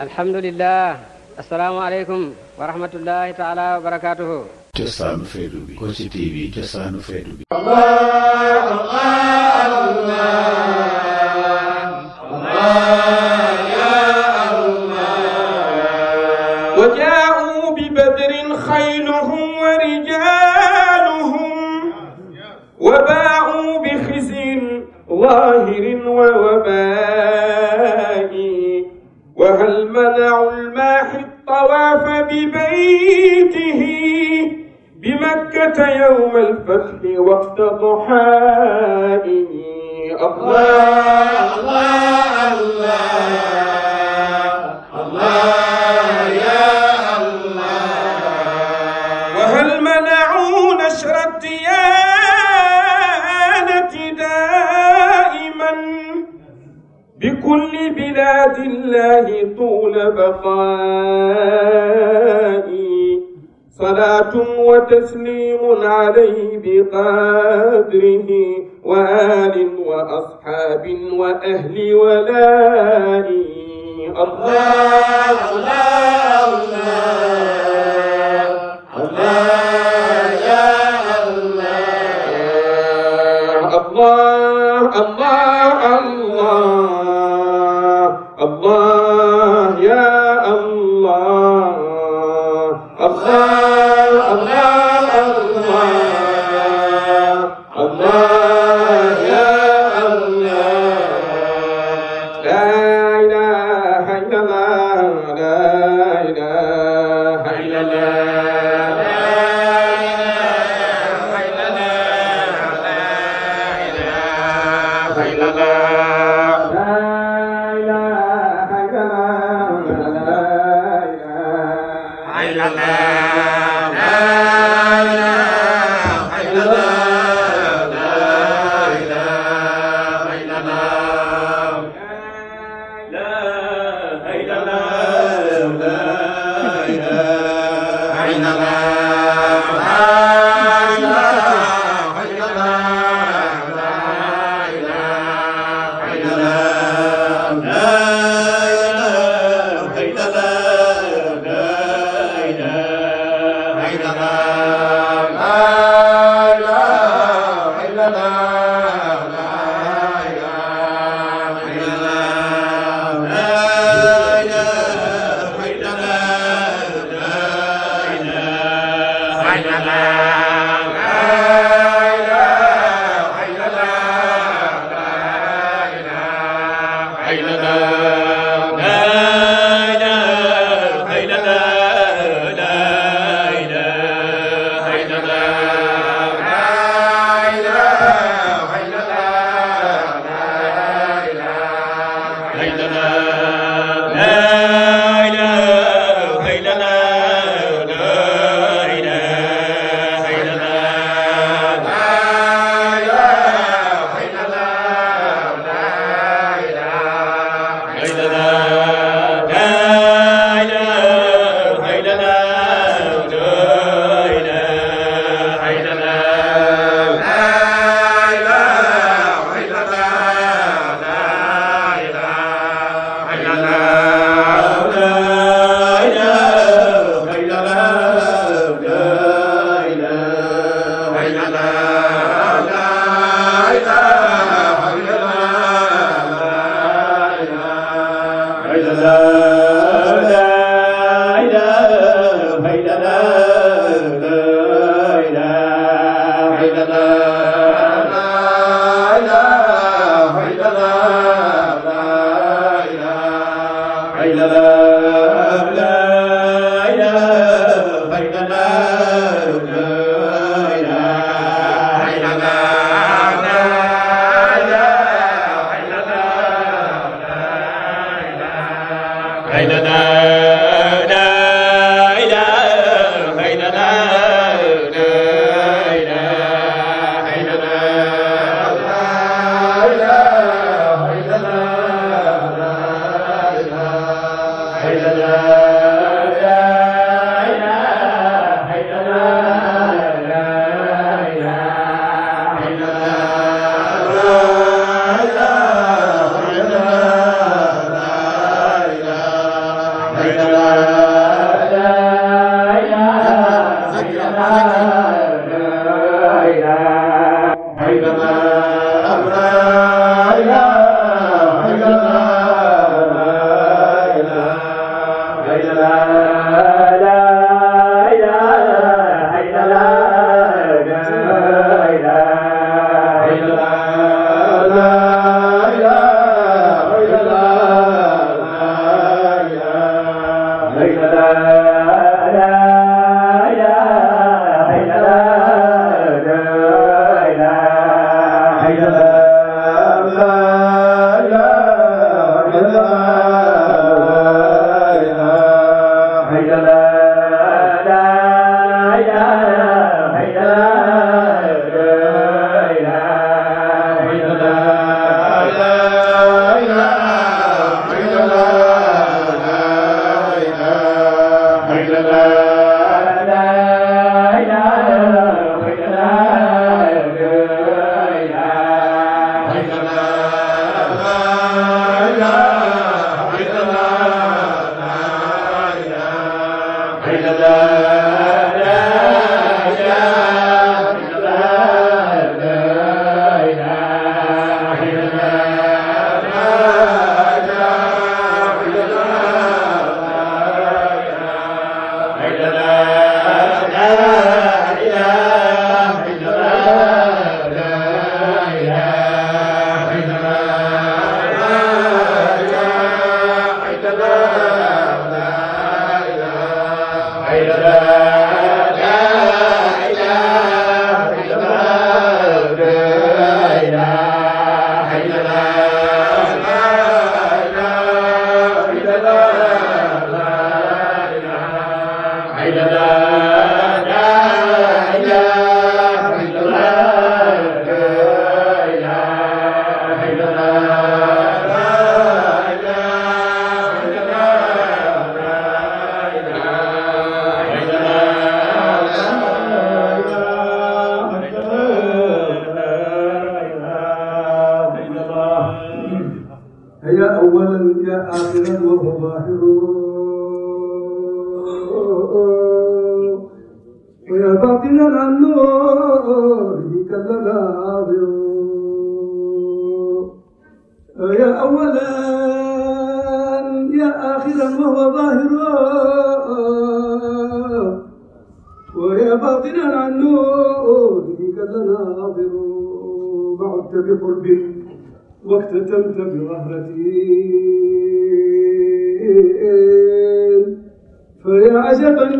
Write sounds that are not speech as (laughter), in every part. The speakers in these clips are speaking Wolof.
الحمد لله السلام عليكم ورحمة الله تعالى وبركاته جسان فيدوبي كوشي تي في جسان فيدوبي الله الله بيته بمكة يوم الفتح وقت ضحائه الله الله الله الله يا الله وهل منعوا نشر الديانة دائما بكل بلاد الله طول بقائه وتسليم عليه بقدره وآل وأصحاب وأهل ولائي الله الله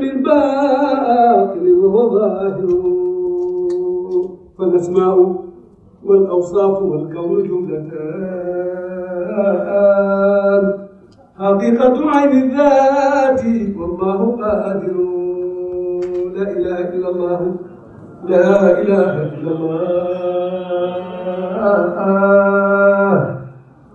بالباطل وهو فالأسماء والأوصاف والكون جملتان حقيقة عين الذات والله قادر لا إله إلا الله لا إله إلا الله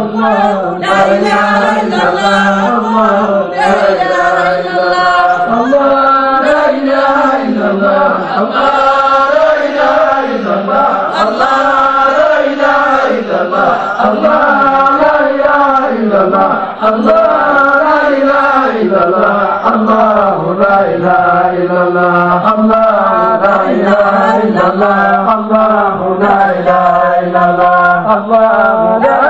الله لا إله إلا الله الله لا إله إلا الله الله لا إله إلا الله الله لا إله إلا الله الله لا إله إلا الله الله لا إله إلا الله الله لا إله إلا الله الله لا إله إلا الله الله لا إله إلا الله الله لا إله إلا الله الله لا اله الا الله الله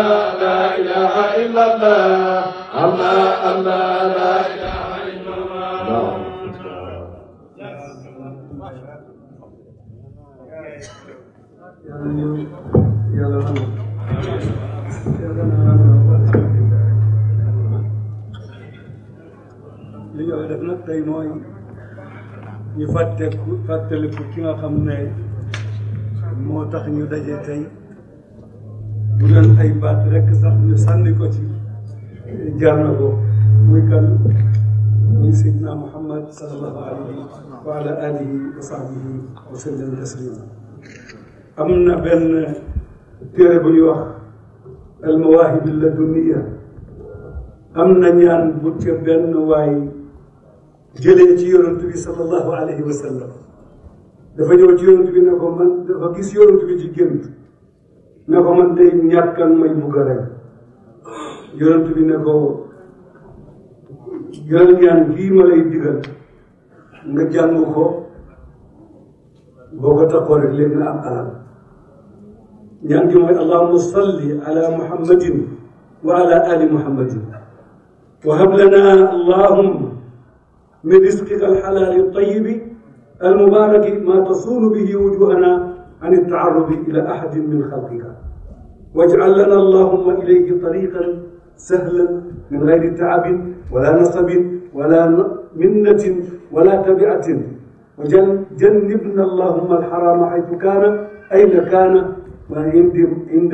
لا إله إلا الله الله الله لا إله إلا الله يا لهنا يا لهنا يا لهنا تيموي ñu fàtte ku fàttaliku ki nga xam ne moo tax ñu daje tey bu doon ay baat rek sax ñu sànni ko ci jar na ko muy kan muy sidna muhammad salallahu alayhi wa ala alihi wa sahbihi wa sallam taslima am na benn téere bu ñuy wax al mawahib laduniya am na ñaan bu ca benn waay jëlee ci yonent bi salallahu alayhi wa sallam dafa ñëw ci yonent bi ne ko man dafa gis yonent bi ci gént ne ko man tey ñàkk ak may bugg a rey yonent bi ne ko yonent ñaan kii ma lay digal nga jàng ko boo ko taxoo rek léegi nga am alal ñaan gi mooy allahuma salli ala muhammadin wa ala ali muhammadin wa hab lana allahumma min rizqika alxalaali altayibi المبارك ما تصون به وجوهنا عن التعرض إلى أحد من خلقك واجعل لنا اللهم إليه طريقا سهلا من غير تعب ولا نصب ولا منة ولا تبعة وجنبنا اللهم الحرام حيث كان أين كان وعند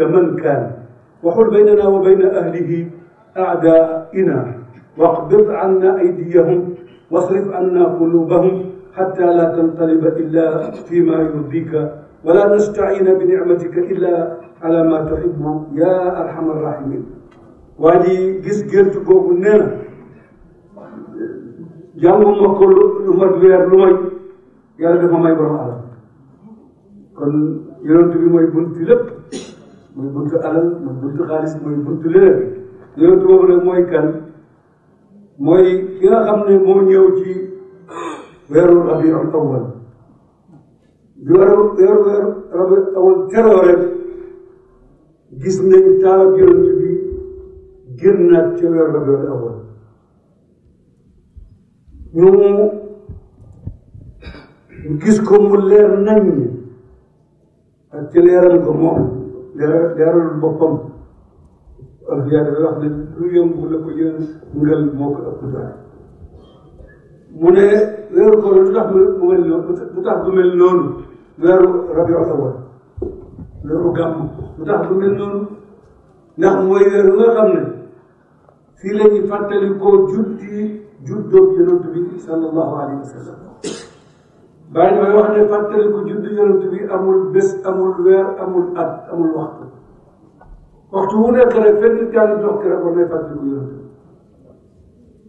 من كان وحل بيننا وبين أهله أعدائنا واقبض عنا أيديهم واصرف عنا قلوبهم حتى لا تنقلب إلا فيما يرضيك ولا نستعين بنعمتك إلا على ما تحب يا أرحم الراحمين وادي جس جرت بوغو نينا جانغو مكو لما دوير لما يالا دفا ماي برام على كون يونت بي موي بنت لب موي بنت علال موي بنت خالص موي بنت لب يونت بوغو نك موي كان موي كيغا خامني مو نييو ci wéru rabiul awwal weeru weeru weeru rabi awal teroo rek gis nañ taalab yonent bi gën naat ca weeru rabi awal ñu gis ko mu leer nañ ak ci leeral ko moom leeral leeral boppam wax ne lu yëngu la ko yëngal moo ko ëpp daal mu ne weeru koor lu tax mu mel noonu lu tax du mel noonu weeru rabiu awal weeru gàmm lu tax du mel noonu ndax mooy weeru nga xam ne fii la ñu fàttali koo juddi juddóob yonent bi sallallahu alayhi wa sallam bàyyi dafay wax ne fàttali ko juddu yonent bi amul bés amul weer amul at amul waxtu waxtu wu nekk rek fenn gaa ngi dox ki rek war nay fàttali ko yonent bi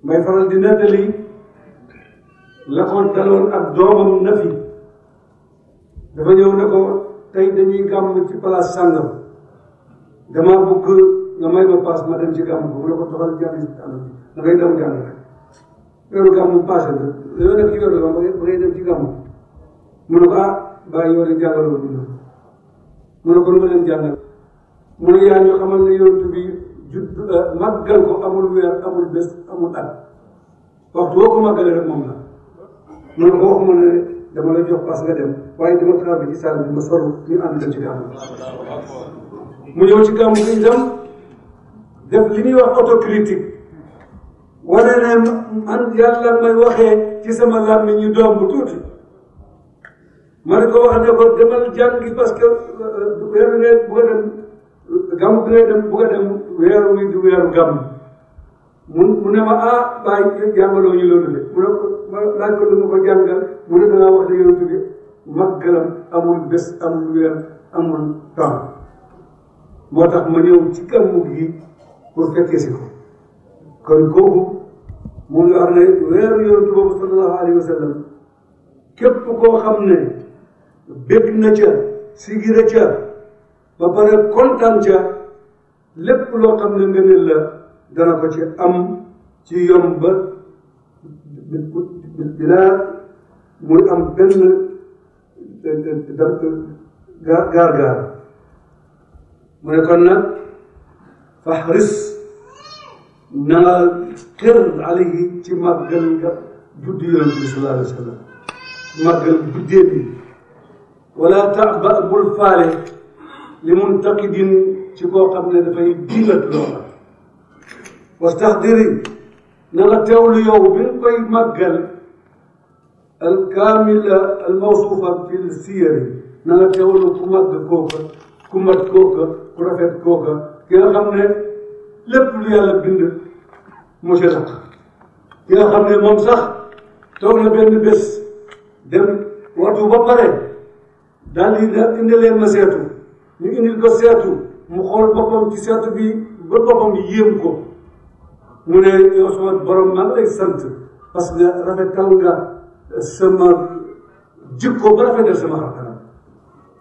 may faral di nettali la ko a ak doomam na fi dafa ñëw ne ko tey dañuy gàmm ci place sàngam dama bëgg nga may ma paas ma dem ci gàmm bu mu ne ko doxal jàll ci àll bi da ngay daw jàll rek weeru gàmm passé na dañoo nekk ci weeru gàmm ba ngay dem ci gàmm mu ne ko ah bàyyi yoo leen jàngaloo bi noonu mu ne ko nu ma leen jàngal mu ne yaa ñu xamal ne yonent bi judd eh, màggal ko amul weer amul bés amul at waxtu woo ko màggalee rek moom la man waxuma ne dama lay jox pass nga dem waaye dama tàbbi ci saal bi ma solu ñu ànd mu ñëw ci gàmmu bi itam def li ñuy wax autocritique wane ne man yàlla may waxee ci sama làmmiñ ñu doom bu ma ne ko wax ne demal jàngi parce que weer euh, bi ngay bugg a dem gàmmu bi ngay dem bugg a dem weeru wi du weeru gàmmu mu mu ne ma ah bàyyi jàngaloo ñu loolu de mu ne ma laaj ko lu ma ko jàngal mu ne da ngaa wax ne yonent bi màggalam amul bés amul weer amul temps moo tax ma ñëw ci gàmmu gi pour fekkee si ko kon kooku mu ngi wax ne weeru yonent boobu sallallahu alayhi wa sallam képp koo xam ne bég na ca sigira ca ba pare kontaan ca lépp loo xam ne ngëneel la dana ko ci am ci yomb dina muy am benn gar gar mu ne kon nag fahris na nga kër alayhi ci màggal nga buddi yonent bi sallallahu alayhi wa sallam màggal bi wala taba bul faale li muntaqidin ci koo xam ne dafay diingat loola واستخدري نلا تولي وبنقي مقل الكاملة الموصوفة بالسير السير نلا تولي كمد كوكا كمد كوكا كرافة كوكا يا خمنا لب لي على بند مشلق يا خمنا ممسخ تولي بين بس دم واتو بقرة دالي di indil leen ma seetu ñu indil ko seetu mu xool boppam mu ne yow sama borom maa ngi sant parce que rafetal nga sama jikko ba rafetal sama xarkanam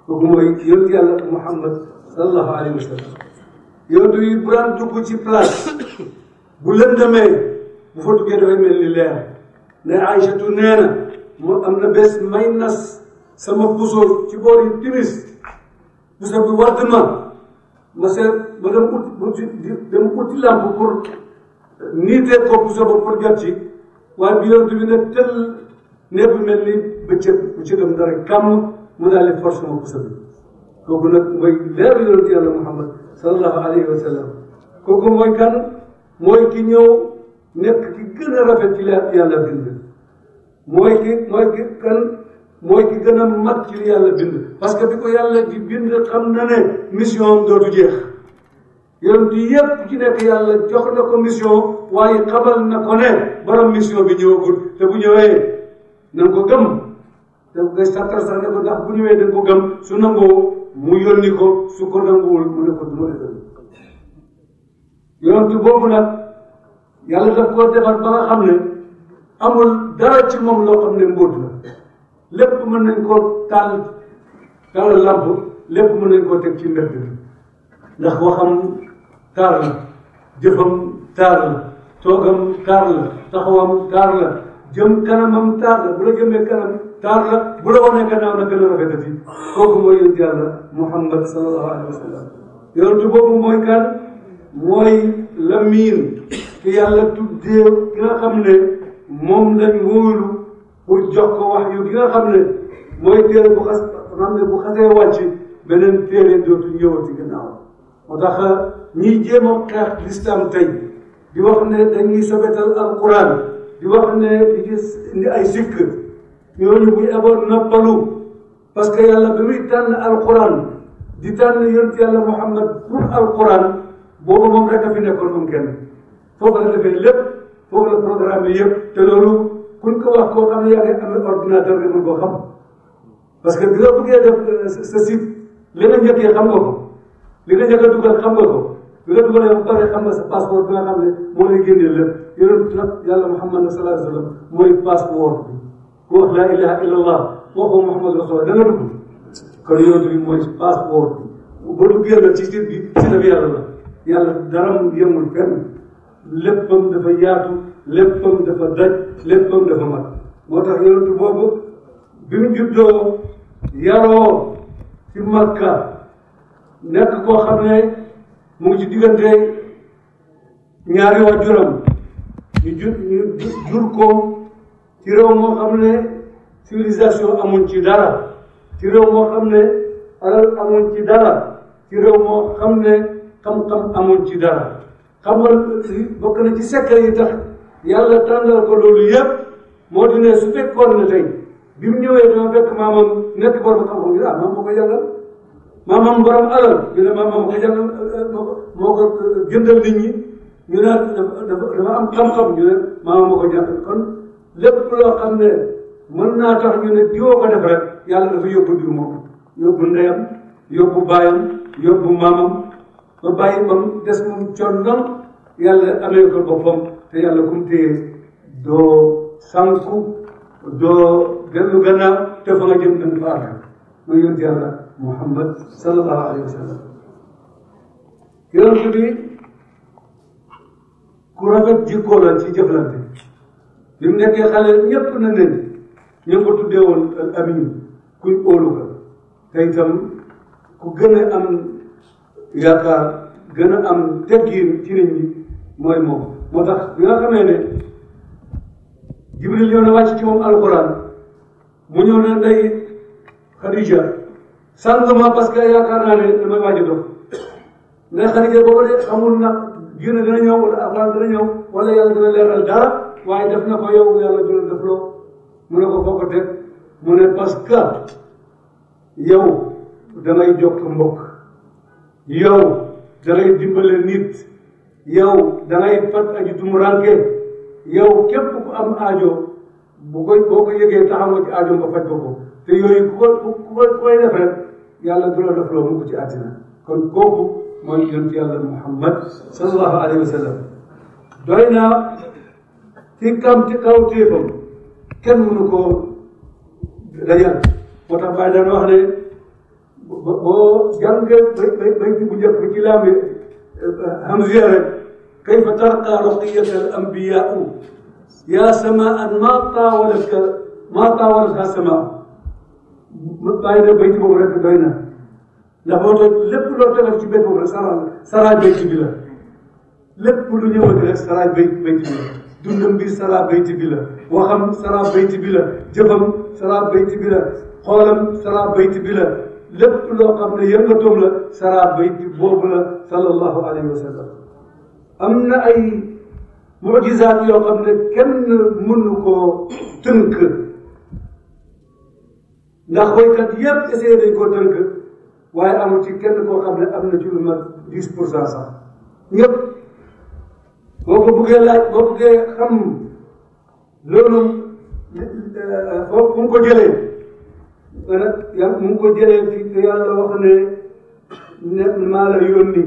kooku mooy yonent yàlla Muhammad sallallahu alayhi wa sallam yonent yi bu daan ci place bu lëndamee bu fa duggee dafay mel ne Aïchatu nee am na bés may sama puso ci boori timis puso bi wàdd ma ma seet ma dem ut dem uti niitee ko pousse ba pour waaye bi yonent bi ne ne bu mel ni bëccëg bu ci dem mu daal di force moom pousse bi kooku nag mooy leeru Muhammad sallallahu alayhi wa sallam kooku mooy kan mooy ki ñëw nekk ki gën a rafet ci la yàlla bind mooy ki gën a mat ci li yàlla bind parce que bi ko yàlla di bind xam na ne mission am jeex yonent yi yépp ci nekk yàlla jox na ko mission waaye xabal na ko ne borom mission bi ñëwagul te bu ñëwee na ko gëm te nga sàkkal ne ko ndax bu ñëwee da ko gëm su nangoo mu yónni ko su ko nanguwul mu ne ko du ma defal yonent boobu nag yàlla daf koo defar ba xam ne amul dara ci moom loo xam ne mbóot la lépp mën nañ koo taal taal làmp lépp mën nañ koo teg ci mbedd bi نخوخم كارل دخم كارل توغم كارل تخوم كارل جم كرمم كارل بلا جم كرم كارل بلا وانا كنا وانا كنا رفتتي توغم وي يجال محمد صلى الله عليه وسلم يرتو بوبو موي كان موي لمين كي يالا تودي كنا خمنا موم لن وولو pour jox ko wax yu gi nga xam ne mooy téere bu xas xam ne bu xasee moo tax ñiy jéem a xeex lislaam tey di wax ne dañuy sobetal alquran di wax ne di gis indi ay sikk ñooñu bu eboon noppalu parce que yàlla bi muy tànn alquran di tànn yonent yàlla muhammad pour alquran boobu moom rek a fi nekkoon moom kenn foofu la defee lépp foofu la programme yëpp te loolu kuñ ko wax koo xam ne yaa ngi amee ordinateur nga mën koo xam parce que bi nga bëggee def sa site leneen njëkkee xam nga ko li nga njëkk a dugal xam nga ko li nga dugal yow pare xam nga sa passeport bi nga xam ne moo lay génnee lépp yonent nag yàlla Muhammad sallallahu alayhi wa sallam mooy passeport bi ku wax laa ilaha illallah waxoo Muhammad rasulullah da nga dugg kon yonent bi mooy passeport bi ba duggee nag ci site bi ci daf yàlla la yàlla dara mu yemul fenn léppam dafa yaatu léppam dafa daj léppam dafa mat moo tax yonent boobu bi mu juddoo yaroo ci Makka nekk koo xam ne mu ngi diggante ñaari waajuram ñu jur ko ci réew moo xam ne civilisation amuñ ci dara ci réew moo xam ne alal amuñ ci dara ci réew moo xam ne xam ci dara nga bokk na ci secret yi tax yàlla tànnal ko loolu yëpp moo di ne su fekkoon na tey bi mu ñëwee dama fekk maamam nekk borom xam-xam yi ah maam moo ko maamam borom alal ñu ne maamam ko jàng moo ko jëndal nit am xam-xam ñu ne maamam moo ko jàng kon lépp ne mën naa tax ñu ne ko def rek yàlla dafa yóbbu diw moom yóbbu ndeyam yóbbu baayam ba bàyyi ba des moom connal yàlla amee ko boppam te yàlla ku mu doo sànku doo dellu gannaaw te fa nga jëm dana fa àgg muy yónni yàlla Muhammad sallallahu alayhi wa sallam yonent bi ku rafet ji la ci jëflante bi mu nekkee xale ñépp na nañ ñu ko tuddee woon amin kuñ óolu ka te ku gën a am yaakaar gën a am teggiin ci nit mooy moom moo tax bi nga xamee Jibril ñëw na wàcc ci moom alxuraan mu ñëw na ndey Xadija sànqma parce que yaakaar naa ne damay waaj a doon ndax xarit boobu de xamul nag génn dina ñëw wala alxuraan dina ñëw leeral dara waaye def na ko yow yàlla dina def loo mu ne ko foo ko teg mu ne parce que yow dangay jokk mbokk yow dangay dimbale nit yow dangay fat aji tumuranke yow képp ku am aajo bu koy boo ko yëgee taxaw nga ci aajo nga faj ko ko te yooyu ku ko ku koy def rek yàlla du la def loo mukk ci àddina kon kooku mooy yonent yàlla muhammad sallallahu alayhi wa sallam doy naa ci kam ci kaw téefam kenn mënu koo dajal moo tax bàyyi daan wax ne boo jàngee bay bay bu njëkk bi ci laambi hamziya rek kayfa tarqa ruqiyata al anbiyaau yaa samaan maa taawalat ka maa taawalat ka samaa bàyyi na béykat boobu rek doy na ndax moo tax lépp loo tegal ci béykat boobu rek saraaj saraaj béykat bi la lépp lu ñëwati rek saraaj béykat béykat bi la dundam bi saraaj béykat bi la waxam saraaj béykat bi la jëfam saraaj béykat bi la xoolam saraaj béykat bi la lépp loo xam ne yëngatoom la saraaj béykat boobu la sallallahu alayhi wa sallam am na ay mujizaat yoo xam ne kenn mënu koo tënk. ndax boykat yépp essayé dañ koo waaye amul ci kenn koo xam ne am na ci mat dix pour cent ko buggee laaj boo buggee xam loolu euh, foofu fu mu ko ko jëlee fi wax ne ne maa la yónni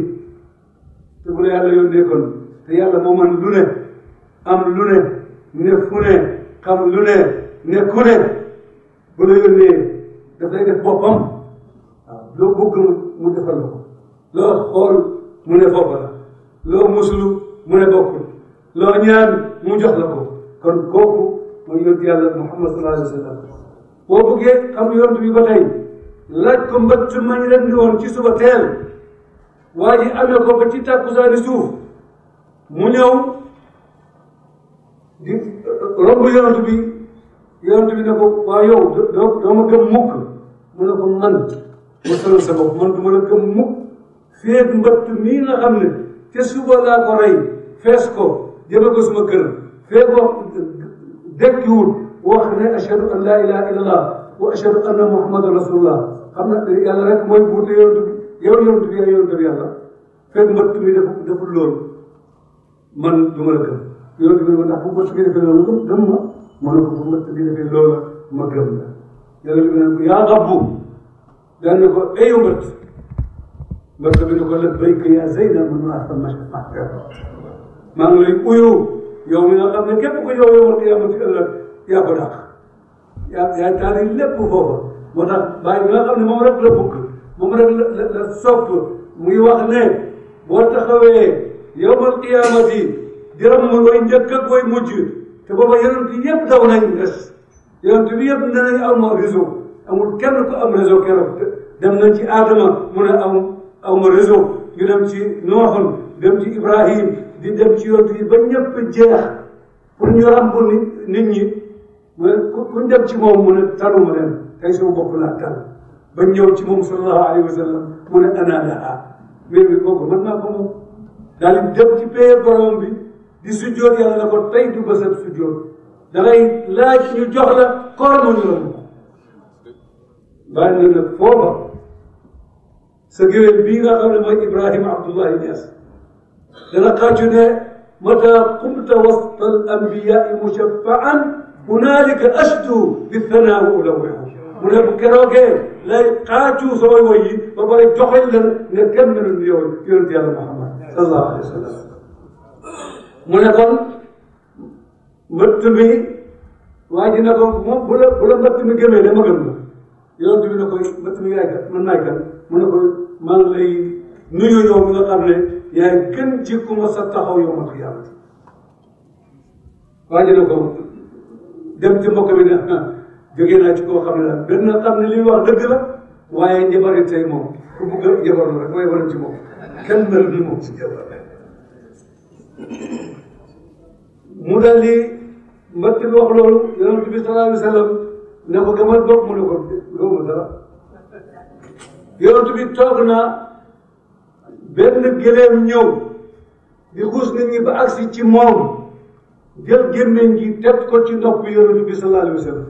te bu la yàlla yónnee kon te yàlla moo man lu ne am lu ne ne fu ne xam lu ne ne ku ne bu la yónnee dafay def boppam waaw loo bëgg mu defal la ko loo xool mu ne foofa la loo musulu mu ne bokkul loo ñaan mu jox la ko kon kooku mooy yonent yàlla Muhammad sallallahu alayhi wa sallam boo bëggee xam yonent bi ba tey laaj ko mbëtt mañ rendi woon ci suba teel waa ji amee ko ba ci tàkkusaani suuf mu ñëw di romb yonent bi yonent bi ne ko waa yow doo doo ma gëm mukk mu ne ko man mosalal sa bopp man du ma la gëm mukk feeg mbëtt mii nga xam ne te suba laa ko rey fees ko jëme ko suma kër feeg wax dekkiwul wax ne ashhadu an laa ilaha illallah wa ashhadu anna muhammadan rasulullah xam na yàlla rek mooy buute yonent bi yow yonent bi yow yonent bi yàlla feeg mbëtt mi def deful loolu man du ma la gëm yonent bi ndax bu mbëtt mi defee loolu gëm ma mu ne ko bu mbëtt mi defee loolu ma gëm la يا غبو لأنه أي مرت مرت يقول بيك يا زيد من أصلا ما شفعت ما نقول أيو يوم القيامة كيف يقول يوم يوم يا بدر يا يا يا تاري لبو هو ولا باي ما لبوك ما ل لبوك مي للصف ميوغنه خوي يوم القيامة دي درم وين جكك وين مجد تبغى يرن يبدأ ينقص يوم تبيه بندنا أم رزو أم الكبرك أم رزو كرب دمنا جي آدم من أم أم رزو يدم جي نوح دم جي إبراهيم دي دم جي يوم تبيه بني بجاه كن يرام بني نني كن دم جي مو من تلو من كيسو بقول أكل بني يوم جي مو صلى الله عليه وسلم من أنا لا من بقول من ما بقول دالي دم جي بيه برومبي دي سجود يلا نقول تاي دوبسات سجود دري لاش الجهلة قرن يوم بان الفوضى سجل بيرا قبل إبراهيم عبد الله الياس لقاتنا متى قمت وسط الأنبياء مشفعا هنالك أشدو بالثناء وألوحه من الكراكين لا يقاتوا سوي وين وبري جحل نكمل اليوم يرد يا محمد صلى الله عليه وسلم من mbëtt mi waa ji ne ko moom bu la bu la mbëtt mi gëmee dama gëm la yonent bi ne ko mbëtt mi yaay kat man maay kat mu ne ko man lay nuyu yow mi nga xam ne yaay gën ci ku ma sa taxaw yow ma xiyaama waa ji ne ko dem ci mbokk bi ne jógee naa ci koo xam ne la benn xam ne li muy wax dëgg la waaye njabari tey moom ku bugg a jabaru rek mooy waram ci moom kenn mel ni mu dal di Makki bi wax loolu yonent bi sallallahu alayhi wa sallam ne ko mu ne ko gëmuma dara yonent bi toog na benn gëléem ñëw di xuus nit ñi ba agsi ci moom jël gémmiñ gi teg ko ci nopp bi sallallahu alayhi wa sallam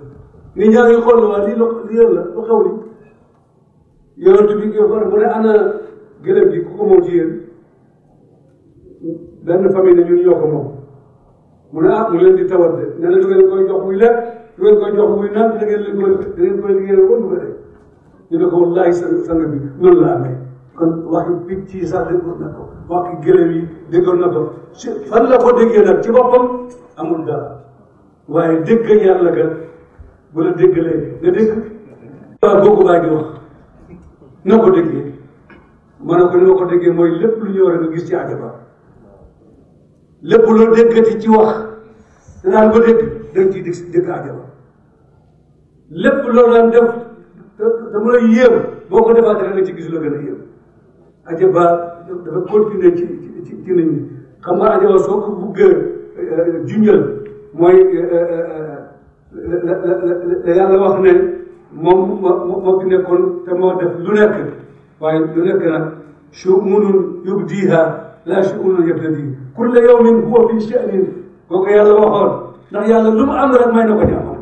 nit ñaa ngi xool waa lii lii la lu xew li yonent bi ko mu ne benn famille ne ñun ñoo moom mu ne ah mu leen di tawat de nee na lu ngeen koy jox muy lekk lu ngeen koy jox muy naan da ngeen leen koy ñu ne ko wallaahi sang bi noonu la amee kon waxi picc yi sax na ko waxi ci boppam amul dara waaye dégg yàlla ga bu la déggalee nga dégg waaw boo ko bàyyi di wax na ko déggee ma ne ko ni ma ko déggee lépp lu ñëw rek gis ci àjaba lépp loo déggati ci wax danaan ko dégg dañ ciy dégg dégg àjjana lépp loo daan def dama la yéem boo ko defaat da nga ci gis la gën a yéem ajaba dafa continuer ci ci ci nit ñi xam nga ajaba soo ko buggee euh, euh, junjal mooy euh, la yàlla wax ne moom moo fi nekkoon te moo def lu nekk waaye lu nekk nag su munul yóbbu diiha laa shu'uunun yabtadii kulla yawmin huwa fii sha'nin kooku yàlla waxoon ndax yàlla lu mu am rek may na ko jaamam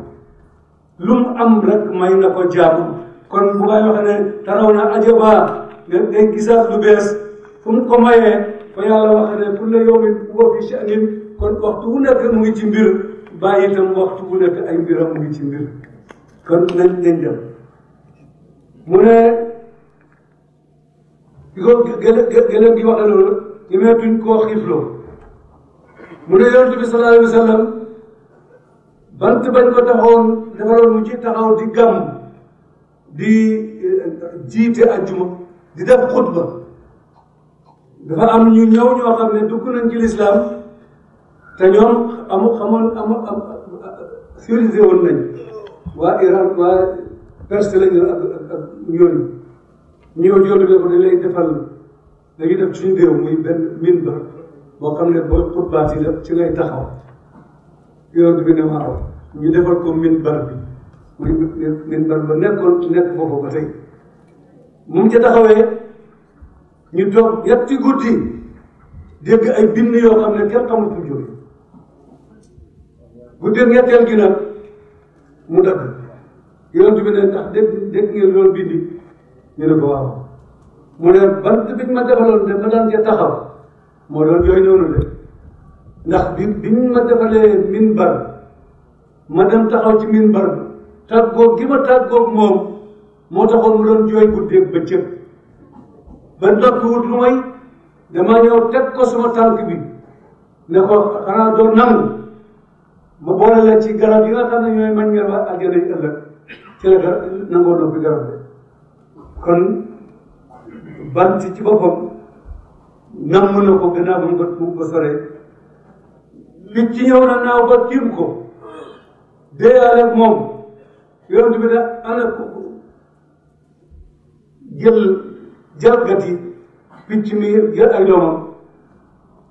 lu mu am rek may na ko jaamam kon bu baay wax ne taraw ajaba nga ngay lu bees fu mu ko mayee fa yàlla wax ne kulla yawmin huwa fii sha'nin kon waxtu wu nekk mu ngi ci mbir bàyyi itam waxtu wu nekk ay mbiram mu ngi ci kon nañ nañ dem mu ne gë gi wax na loolu ñemeetuñ koo xiifloo mu ne yonent bi sallallahu alayhi wa sallam bant bañ ko taxoon defaroon mu ci taxaw di gàmm di eh, jiite ajjuma di def xutba dafa am ñu ñëw ñoo xam ne dugg nañ a lislaam te ñoom waa Iran waa Perse lañ ak ñooñu ñëw yonent bi ko dañ lay defal léegi def suñu réew muy benn minbar boo xam ne boo xutbaat yi ci lay taxaw yonent bi ne waaw ñu defal ko minbar bi muy minbar ba nekkoon nekk foofu ba tey mu ngi ca taxawee ñu toog ñetti guddi dégg ay bind yoo xam ne kenn xamul fu jóge guddi ñetteel gi nag mu dagg yonent bi ne ndax dégg dégg ngeen loolu bind ñu ne ko waaw mu ne bant biñ ma defaloon de ma daan cee taxaw moo doon jooy noonu de ndax bi ma defalee minbar ma dem taxaw ci minbar bi tàggoog gi ma tàggoog moom moo taxoon mu doon jooy guddeeg bëccëg ba noppi wut lu may damaa ñëw teg ko suma tànk bi ne ko xanaa doo nangu ma boole la ci garab yi nga xam ñooy mañ nga ba àjjana yi ëllëg ci la nangoon noppi garab de kon bant ci boppam namm na ko gannaaw ba mu ko soree picc ñëw na naaw ba tiim ko dee ak moom yonent bi ne ana ko jël jalgati picc mi jël ay doomam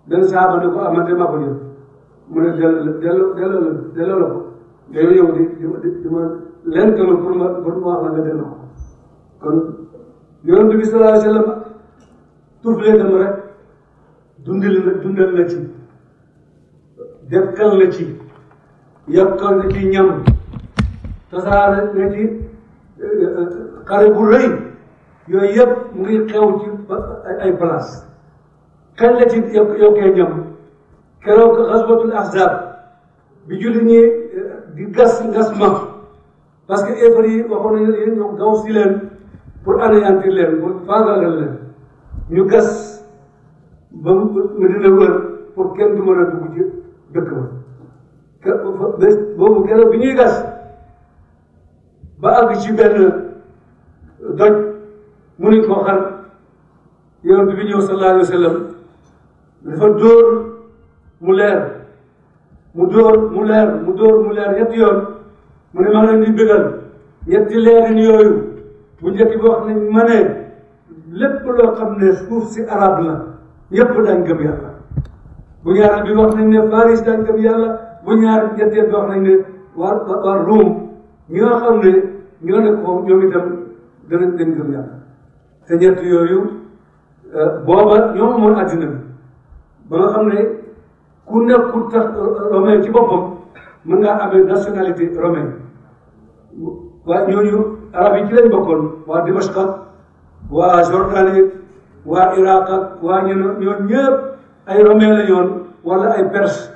benn saaba ne ko amante ah, maa ko jël mu ne delloo la delloo la delloo la ko yow yow di di yonent bi sallallahu alayhi wa sallam tuflee dama rek dundil la dundal la ci dekkal la ci yàkkal na ci ñam tasaare na ci eh, xare bu rëy yooyu mu ngi xew ay place kan la ci yokkee ñam keroog xaswatul ahzab bi julli ñi eh, di gas gas ma parce que effort yi waxoon nañu ñoom gaw si pour anéantir leen pour faagaagal leen ñu gas ba mu dina wër pour kenn du mën a dugg ci dëkk ba ke bés boobu keroog bi ñuy gas ba àgg ci benn doj mënuñ koo xar yonent bi ñëw sallallahu alayhi wa sallam dafa dóor mu leer mu dóor mu leer mu dóor mu leer ñetti yoon mu ne maa leen di bégal ñetti leerin yooyu bu njëkk bi wax nañ ma lépp loo xam ne suuf si arab la ñëpp daañ gëm yàlla bu ñaar bi wax nañ ne Faris daañ gëm yàlla ñaar ñetteel bi wax nañ ne waa waa Ruum ñi nga xam ne ñoo nekk foofu ñoom itam danañ dañ gëm yooyu euh, booba ñoo amoon àddina bi ba nga ne ku nekkul tax euh, romain boppam mën ngaa amee nationalité romain waaye ñooñu arab yi ci lañ bokkoon waa Dimashq ak waa Jordanie waa Iraq waa ñun ñoom ay romain la ay perse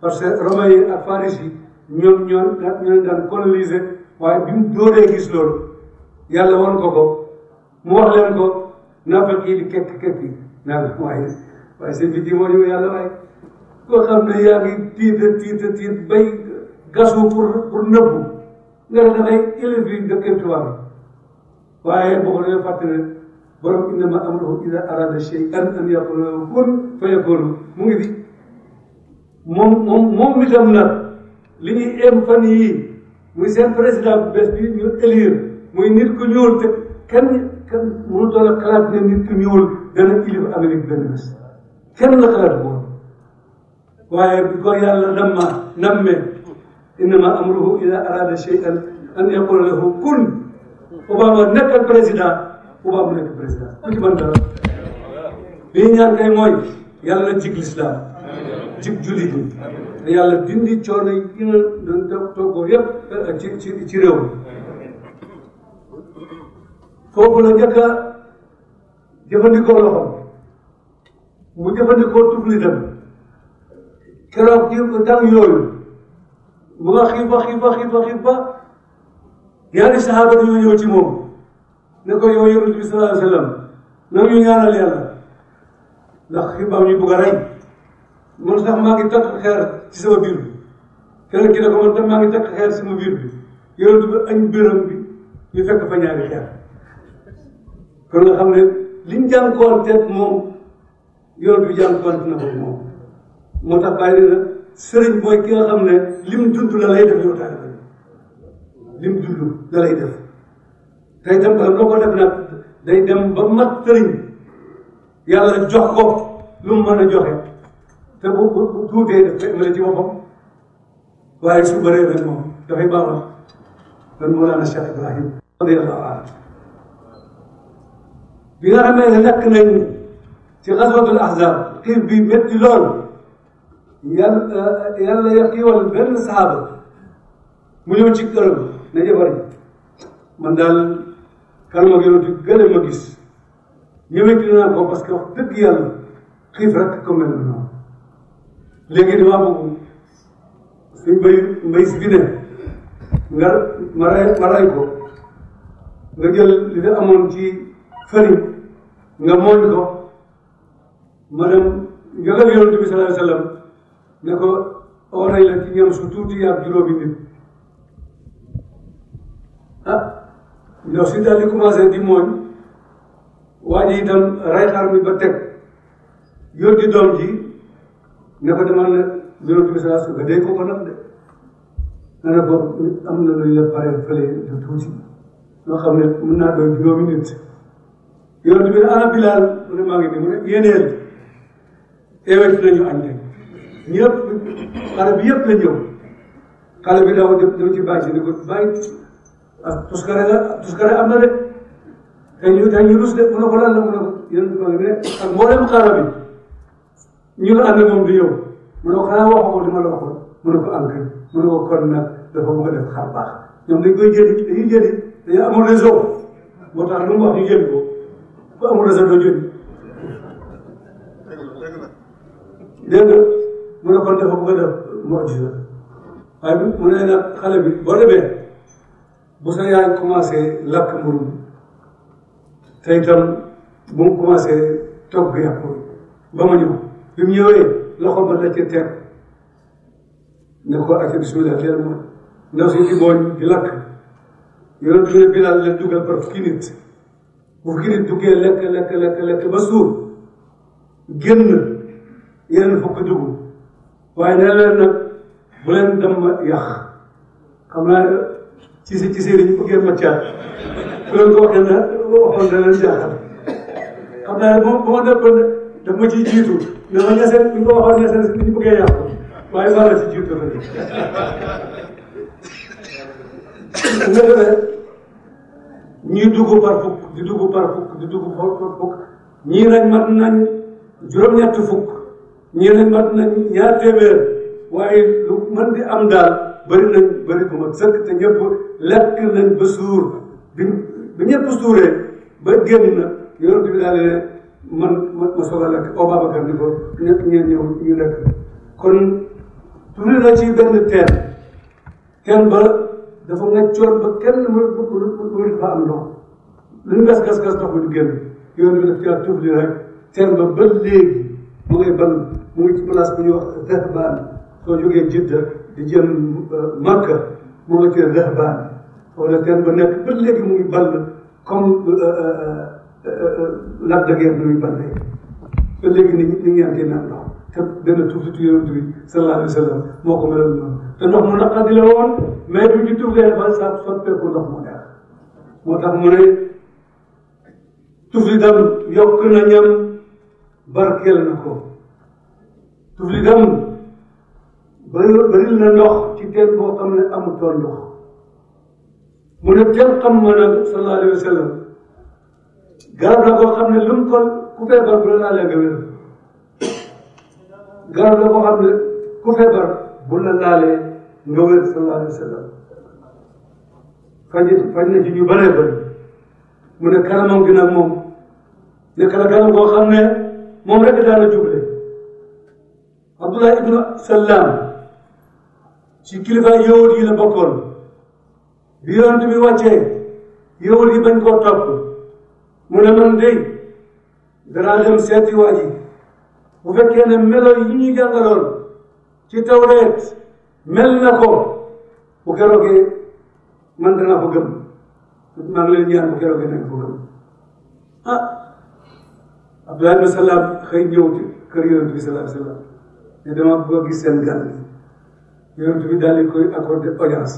parce que romain yi ñoon ñoo daan coloniser waaye bi gis loolu yàlla woon ko ko wax leen ko naafeq yi di kekk kekk yi naan waaye waaye seen bi di moo ñëw yàlla waaye koo xam ne yaa ngi tiit bay gasu pour pour nëbbu leer na day élèves yi dëkkee tubaab yi waaye boo ko doon fàttali borom innama amruhu ida arada shay'an an yaqula lahu kun fa yakunu mu ngi fi li ñuy em fan yii muy seen président bu nit ku ñuul te kenn kenn mënu toll dana ilif Amérique benn bés la xalaat moom waaye bi ko yàlla namma innama amruhu ida arada shay'an an yaqula lahu kun Obama nekkal président Obama mu nekk président ku ci mën dara bii ñaan kay mooy yàlla na jig lislaam jig jullit ñi te yàlla dindi coono yi nga doon toggoo yëpp ci ci ci réew mi foofu la njëkk a jëfandikoo loxoom mu jëfandikoo tufli dem keroog ci tàng yooyu mga khibah, khibah, khibah, khibah. Yani sahabat yu yu ci moom ne ko yow yonent bi sallallahu alayhi wasallam na ñu ñaanal yàlla ndax xibaar ñu bëgg a rey ma ki tak khair si sa ci Kala biir bi ki ne ko man tam maa ngi takk xeer ci sama biir bi yonent bi añ biram bi Yu fek fa ñaari khair. kon nga xam jang kwan jànkoonte mo. Yu yu jang kwan ko moom moo tax bàyyi na سرين بوي كي خامن ليم دوند لا لاي داف يوتا ليم دوند لا لاي داف داي دم بام لوكو داف ناك داي دم بام مات سرين يالا جوخ كو لوم مانا جوخي تبو توتي داف مالا تي بوبام واي سو بري رك موم دا فاي باوا كن مولانا الشيخ ابراهيم رضي الله عنه بيغا رمي هلاك نين في غزوة الأحزاب كيف بيمتلون yàlla yàlla yàqeewal benn saaba mu ñëw ci këram ne jabar ji man kalma gi di gële ma gis ñëwee ci naa ko parce que wax dëgg yàlla ko mel noonu léegi damaa bëgg suñ mbay mbay si bi ne nga ma ray ko nga jël li da amoon ci fëriñ nga mooñ ko ma dem njagal yonent bi sallallahu alayhi wa na ko oray la jigéen su tuuti ak juróomi nit ah ndaw si daal di commencé di mooñ waa ji itam ray xar mi ba teg yor di doom ji ne ko demal ne yonent bi saa su nga dee ko ko nag de nga ne ko am na lu ñu la pare fële du tuuti loo xam ne mën naa doon juróomi nit yonent bi ana Bilaal mu ne maa ngi nii mu ne yéeneel eewet nañu añ ñëpp xale bi yëpp la ñëw xale bi daw dem ci bàyyi si ne ko bàyyi ak tuskare la tuskare am na de tey ñu tey ñu rus de mu ne ko lan la mu ne ko yéen ko ne ak mboolem xale bi ñu la ànd moom di yow mu ne ko xanaa waxoo li ma la waxoon mu ne ko am kay mu ne ko kon nag dafa bëgg a def xar baax ñoom dañ koy jëli dañuy jëli dañuy amul réseau moo tax lu mu wax ñu jëli ko ku amul réseau doo jëli dégg nga mu ne kon dafa bëgg a def mucjisa waaye mu ne nag bi boo demee bu sa yaay commencé lakk mburu bi te itam bu mu commencé togg yàpp ba ma ñëw bi mu ñëwee loxo ba la ca teg ne ko ak bismillah teel ma ndaw si di booñ di lakk yonent bi ne Bilaal leen dugal par fukki nit fukki nit duggee lekk lekk lekk ba suur génn yeneen fukk dugg waaye nee leen nag bu leen dem ma yàq xam naa ci si ci séeréer ñu bëggee ma caat loolu ko waxee na waxoon na leen jaaxal xam naa moom bu ma déppoon daf ma ciy jiitu ne ma ñeseen bu ñu ko waxoon ñeseen si ñu bëggee yàq waaye maa la ci jiitu rek su nga defee ñii dugg par fukk di dugg par fukk di dugg par fukk ñii nag mat nañ juróom ñii nag mat nañ ñaar téeméer waaye lu mën di am daal bëri nañ bari bu mat sëkk te ñëpp lekk nañ ba suur bi bi ñëpp suuree ba génn na yonent bi daal man man ma soog a lekk Ababacar ni ko ñett ñeen ñëw ñu lekk kon tuuti na ci benn teen teen ba dafa nga coon ba kenn mënul fa am ndox lu ñu gas gas gas ndox mi du génn yonent bi daf ci li rek teen ba ba mu ngay ban mu ngi ci place bu ñuy wax Dahbaan soo jógee di jëm euh, Makka mu nga cee Dahbaan wala teen ba nekk ba léegi mu ngi ball comme euh, euh, Lac de Guiers nu muy ballee ba léegi ni ni ngeen cee naan ndox te benn tuuf si yonent bi sallallahu alayhi wa sallam moo ko melal noonu te ndox mu di la woon mais bu ñu tuuflee dafa sa soppeeku ndox mu neex moo tax mu ne tuuf yi yokk na ñam barkeelna ko tuflitam baril na ndox ci teen boo xam ne amutoon ndox mu ne teen xam ma nag sallallahu alayhi wa sallam garab la koo xam ne lu mu ko ku feebar bu la laalee nga wér garab la koo xam ne ku feebar bu la laalee nga wér sallallahu alayhi wa sallam faj faj na ci ñu bëree bëri mu ne kanamam gi nag moom nekk na kanam koo xam ne moom rek daal a juble Abdullah ibnu Salaam ci kilifa yahud yi la bokkoon bi yonent bi wàccee yahud yi bañ koo topp mu ne man de danaa dem seeti waa ji bu fekkee ne melo yi ñuy jàngaloon ci tawreet mel na ko bu keroogee man danaa ko gëm maa ngi leen ñaan bu keroogee nañ ko gëm ah, عبد الله بن سلام خي نيوت كير يونس بن سلام سلام ني دما بو غي سن غال يونس بن دال كوي اكور دي اوجانس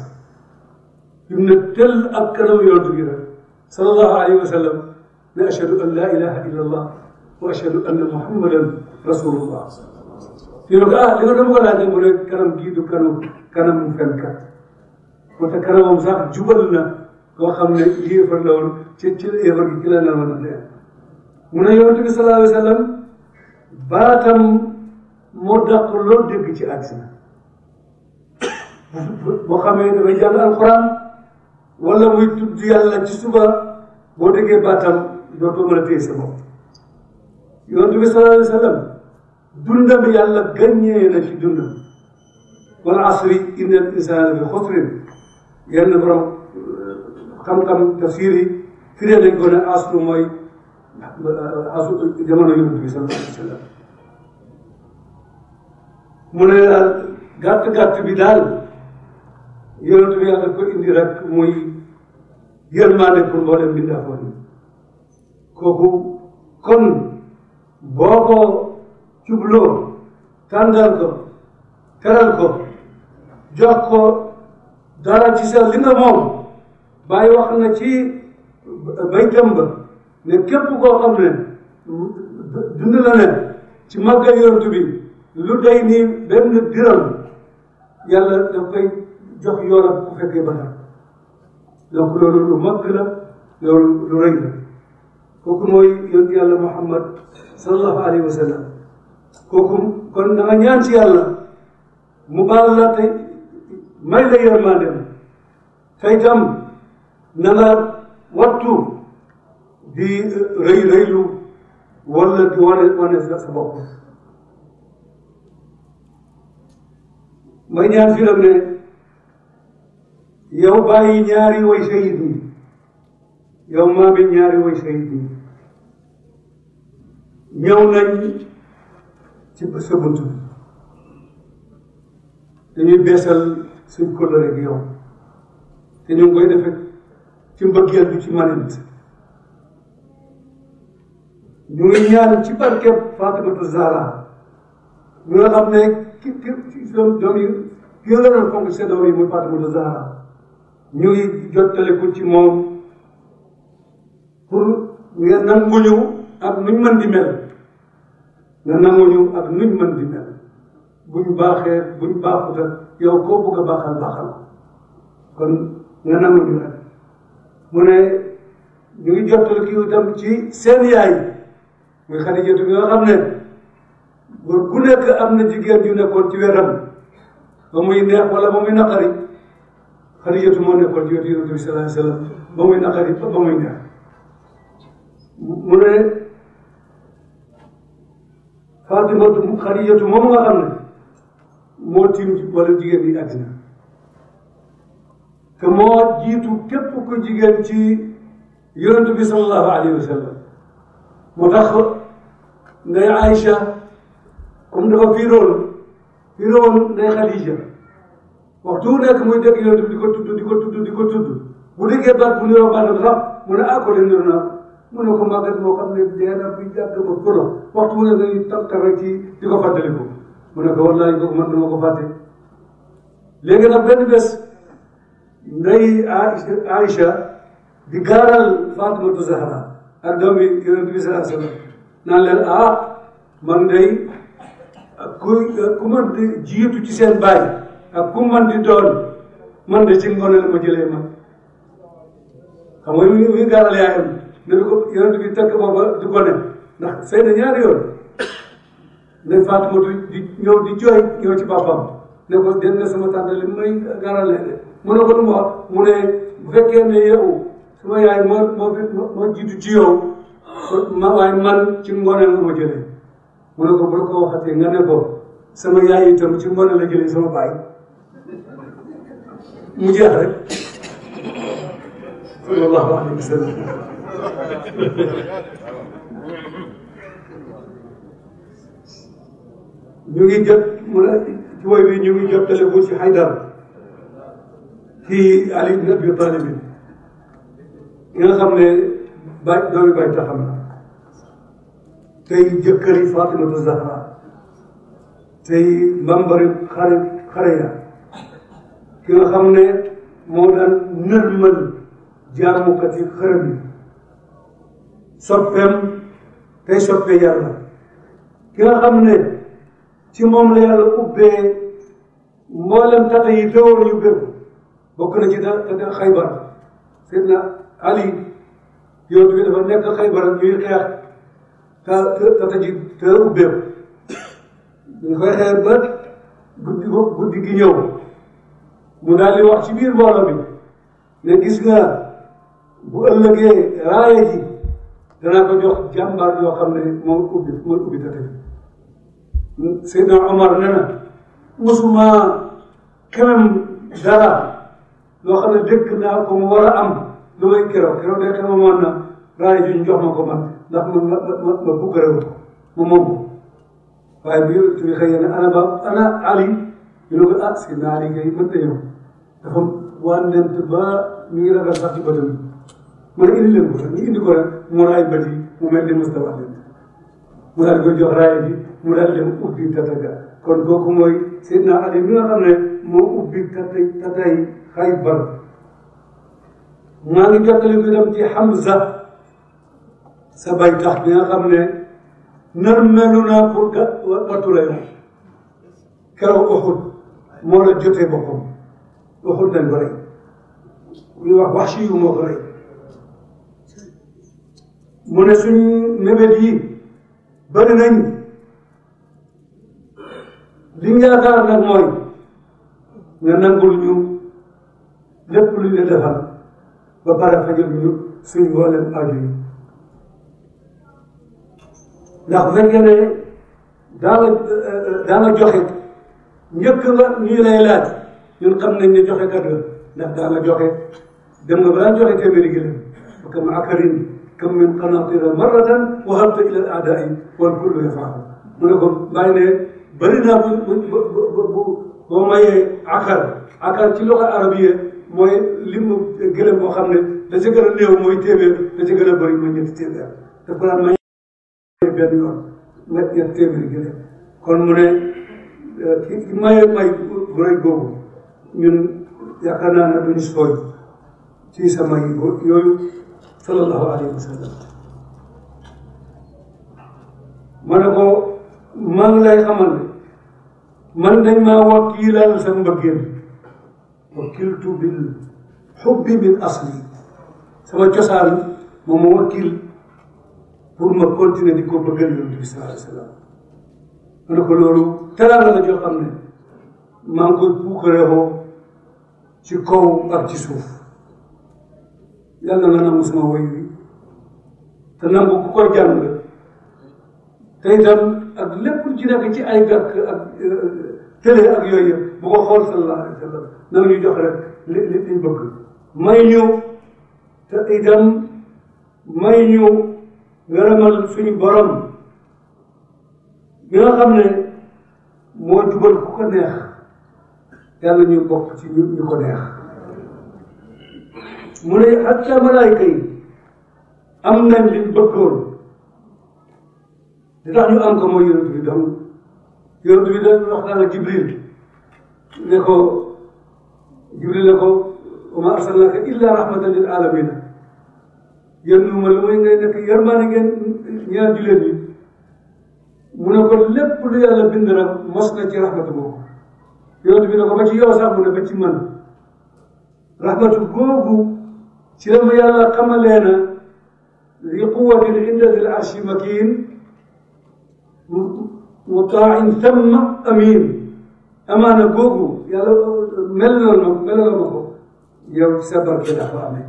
ابن تل اكرم يونس بن صلى الله عليه وسلم لا ان لا اله الا الله واشهد ان محمدا رسول الله في رقاه لغا دم غلا دي مولاي كرم كي دو كرم كرم فن كات وتا جبلنا كو خامني ييفر لون تي تي ايفر كي لا Munayyootu sallallahu alaihi wasallam baatam moo dàq loo dégg ci àddina boo xamee dafay jàng alxuraan wala muy tudd yàlla ci suba boo déggee baatam dootoo mën a téye sa bopp Yonent bi sallallahu alayhi wa sallam dundam yàlla gàññee na ci dundam wal asri inna al insana bi xusrin yenn borom xam-xam tafsir yi firee nañ ko ne asru mooy jamono yonent bi sallallahu alayhi wa sallam mu ne gàtt gàtt bi daal yonent bi ko indi muy yërmande pour mboolem bindaafoon yi kooku ko jubloo tàndal ko teral ko jox ko dara ci moom bàyyi wax na ci bay dem ne képp koo xam ne dund na leen ci màggal yonent bi lu day nii benn diram yàlla daf koy jox yoonam bu fekkee bana donc lu mag la lu rëy la mooy yonent yàlla Muhammad sallallahu mu baal la te may la yërmande tam na nga wattu di rëy rëylu wala di wane wane sa bopp may ñaan fi lam ne yow ñaari way sayid yi yow maa bi ñaari way sayid yi ñëw nañ ci sa bunt beesal suñ kóllëre gi yow te ñu ngi koy defe ci mbëggeel ma ci dünyanın çıplak kep Fatıma Zara. Nur abne İslam domi yılların kongse domi mu Fatıma Zara. ñuy jottale ko ci moom pour nga nanguñu ak nuñ mën di mel nga nanguñu ak nuñ mën di mel buñ baaxee buñ baaxut ak yow koo bëgg a baaxal baaxal kon nga nanguñu rek mu ne ñu ngi jottale ki itam ci seen yaay muy Xadijatu bi nga xam ne góor gu nekk am na jigéen ju nekkoon ci wetam ba muy neex wala ba muy naqari Xadijatu moo nekkoon ci wetu Yonent bi sallallahu alayhi wa sallam ba muy naqari ba muy neex mu ne Fatimatu Xadijatu moom nga xam ne moo tiim wala jigéen ñi àddina te moo jiitu képp ku jigéen ci Yonent bi sallallahu alayhi wa sallam moo tax ndey Aïcha comme dafa fiiroon fiiroon ndey Khadija waxtu wu nekk muy dégg yonent bi di ko tudd di ko tudd di ko tudd bu déggee baat bu niroo baat sax mu ne ah ko leen niru naa mu ne ko màggat moo xam ne dee na bi yàgg ba koro waxtu wu nekk dañuy tabtar rek ci di ko fàttaliku mu ne ko wallaay kooku man dama ko fàtte léegi nag benn bés ndey Aïcha di gaaral Fatimatu Zahra ak doom bi yonent bi sallallahu alayhi wa sallam naan leen ah man day ah, ku ah, ku man di jiitu ci seen baay ak ah, ku man di doon man de ci ngoone la ma jëlee man xam nga mi ngi gaaral yaayam ne bi tekk booba di ko ne ndax sëy na ñaari yoon ne Fatimatu di ñëw di jooy ñëw moo papaam ne ko den na sama tànn li may gaaralee de mu ne ko du ma wax mu ne bu fekkee ne yow sama yaay moo moo moo jiitu ci yow ma waaye man ci mboone la ma jëlee mu ne ko bul ko waxatee nga ne ko sama yaay itam ci mboone la jëlee sama baay mu jeex rek wa sallam ñu ngi jot mu ne ci woy bi ñu ngi ci Haydara fii Ali ibn Abi Talib nga ne ben dövbe ben cehennem. Tey yakari Fatıma Zahra. Tey member kare kareya. कि हमने मॉडर्न निर्मल ज्ञान कति खरबी सभ्यम ते सभ्य यार कि हमने चिमम ले उबे मॉलम तते इदोर युबे बकने जिदा तते खैबर सिदना Ali yonent bi dafa nekk Xaybar ñuy xeex ka ka ka ji te ubbeeku ñu koy xeex ba guddi guddi gi ñëw mu daal di wax ci biir mbooloo bi ne gis nga bu ëllëgee raaya ji danaa ko jox jàmbaar yoo xam ne moom ubbi mooy ubbi tata bi Seydina Omar nee na kanam dara loo xam ne dëkk naa ko mu war a lu may keroog keroog de tama moon na raane ko ma ndax ma ma ma ma ma moom ko waaye bi turi xëy na ana ba ana ali ñu ne ko ah si naa li ngay mënta ñëw dafa wànnent ba mi ngi ragal sax ci bëtam yi mu ne indi leen ko ñu indi ko rek mu raay bët mu mel ni Moustapha Diagne mu daal di ko jox raay bi mu daal dem ubbi tataga kon kooku mooy Seydina Ali mi nga xam ubbi tatay tatay Xaybar maa ngi jottali ko dem ci Hamza sa bay tax bi nga xam ne nan melu naa pour ga wattu lay moom keroog Uhud moo la jotee boppam Uhud lañ ko wax wax si moo ko rey mu ne suñ mébét yi bëri nañ li ñu yaakaar nag mooy nga nangul ñu lépp lu ñu defal ba pare fajal ñu suñu mboolem aju yi ndax bu fekkee ne daana daana joxe njëkk nga ñu lay laaj ñun xam nañ ne joxe kat la ndax daana joxe dem nga ba daan joxe téeméeri gi la fa kam akarin kam min qanatira marratan wahabta ila al aadaai wal kullu yafaaxu mu ne ko bàyyi ne bëri naa bu bu bu boo mayee akar akar ci loxo arabiya mooy lim gëlëm boo xam ne da ci gën a néew mooy téeméer da ci gën a bëri kon mu ne eh, ki may bu rëy sama yi yooyu sallallahu alayhi wa sallam ma ne ko maa ngi lay xamal man dañ maa wax kii laal sa mbëggeel وكلت بالحب من اصلي سواء جسال وموكل كل ما قلت ان يكون بقل من النبي صلى الله عليه وسلم انا كل له ترى انا جا قمنا ما نقول بوك له شكو ارتشوف لان انا مسمى ويلي تنام بوك كوي جانب أقول اقلب كل جناك اي قاك تلي اقيوية بوك خول صلى الله عليه وسلم même ñu jox rek li li liñ bëgg may ñu te itam may ñu ngërëmal suñu borom bi nga xam ne moo jubal ku ko neex yàlla ñu bokk ci ñu ñu ko neex mu ne ak ca malaayka yi am nañ liñ bëggoon li tax ñu am ko mooy yonent bi donc yonent bi dañ wax naa la Jibril ne ko يقول لكم وما أرسلناك إلا رحمة للعالمين ينو ملوين إنك يرمان إن يا جلني من أقول لب بدي على بندرة مصنع رحمة الله يوم تبين لكم بجي يوسف من بجي من رحمة الله سلام يا الله كما لنا ذي قوة عند ذي العرش مكين مطاع ثم أمين أمانة جوجو يا melaloon melaloon ma ko yow sa barke dafa amee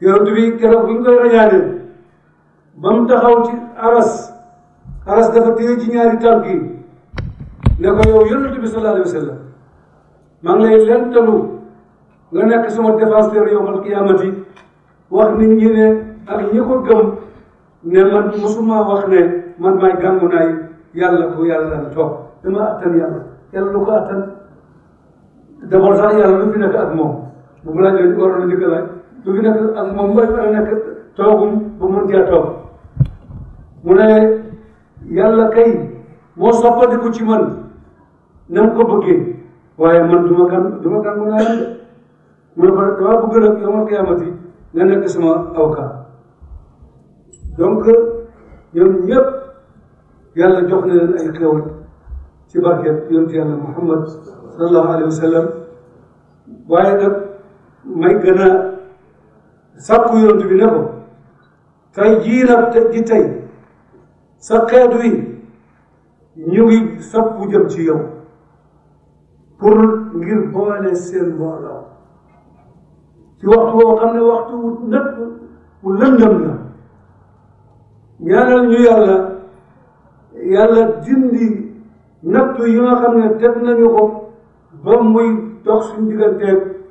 yonent bi keroog bi ñu koy rañaanee ba mu taxaw ci aras aras dafa téye ci ñaari tànk yi ne ko yow yonent bi sallallahu alayhi wa sallam maa ngi lay lentalu nga nekk suma défenseur yow mal qiyaamati wax nit ñi ne ak ñi ko gëm ne man mosuma wax ne man maay gàngu naay yàlla bu yàlla toog dama attan yàlla yàlla lu ko attan demoon sax yàlla lu fi nekk ak moom bu mu laajee waroon na njëkk laaj lu fi nekk ak moom mooy mën a nekk toogum ba mu mën cee toog mu ne yàlla kay moo soppandiku ci man na ko bëggee waaye man du ma kan du ma kan mu ne yàlla mu ne ko dama bëgg nag yow ma qiyaamati nga nekk sama awkaat donc ñoom ñëpp yàlla jox na leen ay xewal ci barket yonent yàlla Muhammad sallallahu alayhi wa sallam waaye nag may gën a sàkku yonent bi ne ko tey jii nag ji sa xeetu yi ñu ngi sàkku jëm ci yow pour ngir boole seen mbooloo ci waxtu woo xam ne waxtu wu nëpp wu lëndëm la ñaanal ñu yàlla yàlla dindi nattu yi nga xam ne teg nañu ko ba muy dox suñu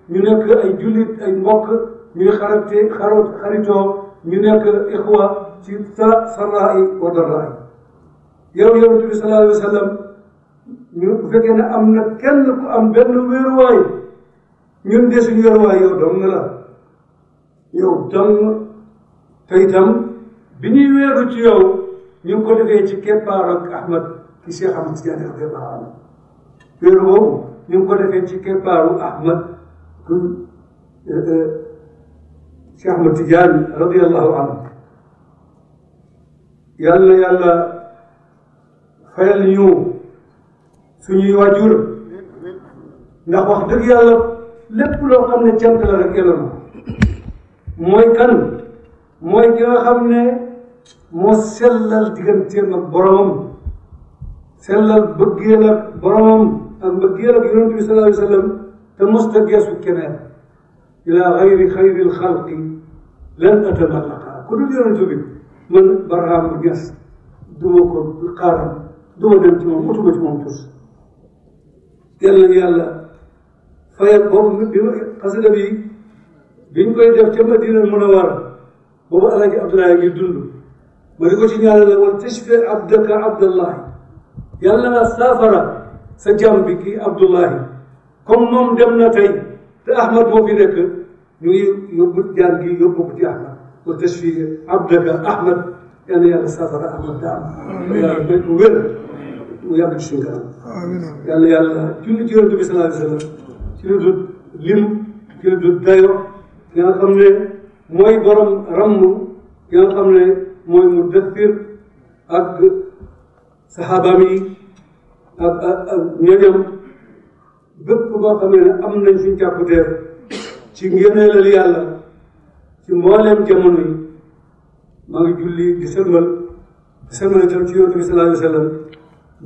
ñu nekk ay jullit ay mbokk ñuy xarate xarot xaritoo ñu nekk ixwa ci sa sarraay wa darraay yow yonente bi wa sallam ñu bu fekkee am na kenn ku am benn wéeruwaay ñun de suñu wéeruwaay yow dong la yow dong te itam bi ñuy wéeru ci yow ñu ngi ko defee ci keppaar ak Ahmad ki Cheikh Ahmad Tidiane radiyallahu anhu wéeru boobu ñu ngi ko defee ci keppaaru Ahmad ku eh, eh, Cheikh Ahmad Tidiane radiyallahu anhu yàlla yàlla fayal ñu suñuy wajur ndax wax dëgg yàlla lépp loo xam ne cant la na mooy kan mooy ki nga xam ne moo sellal digganteem ak boromam sellal bëggeel ak boromam أنبياء النبي صلى الله عليه وسلم تمستقيس سكنا إلى غير خير الخلق لن أتملق كل يوم تبي من برام الجس دوك القارن دو دمتهم وتبتهم تس يلا يلا فيقوم قصد بي biñ koy def ca madina munawara boobu عبد الله ngi dund ma يقول ko ci ñaanal wal tashfi abdaka abdallah yàlla nga sa jàmm bi kii Abdullahi comme moom na tey te Ahmad moo fi nekk ñu ngi yóbbu jaan gi yóbbu ko ci Ahmad wa tashfi abdaka Ahmad yal na yàlla saafara Ahmad daal. yàlla béy bu wér mu yàgg ci bi sallallahu alayhi wa sallam ci lu dul dayo nga mooy borom rammu nga mooy mu dëppir ak saxaabaam ak ak ak ñoñam bépp boo xamee ne am nañ suñ càpputeef ci ngéneelal yàlla ci mbooleem jamono yi maa ngi julli di sëlmal di sëlmal itam ci yonte bi sallallahu alayhi wa sallam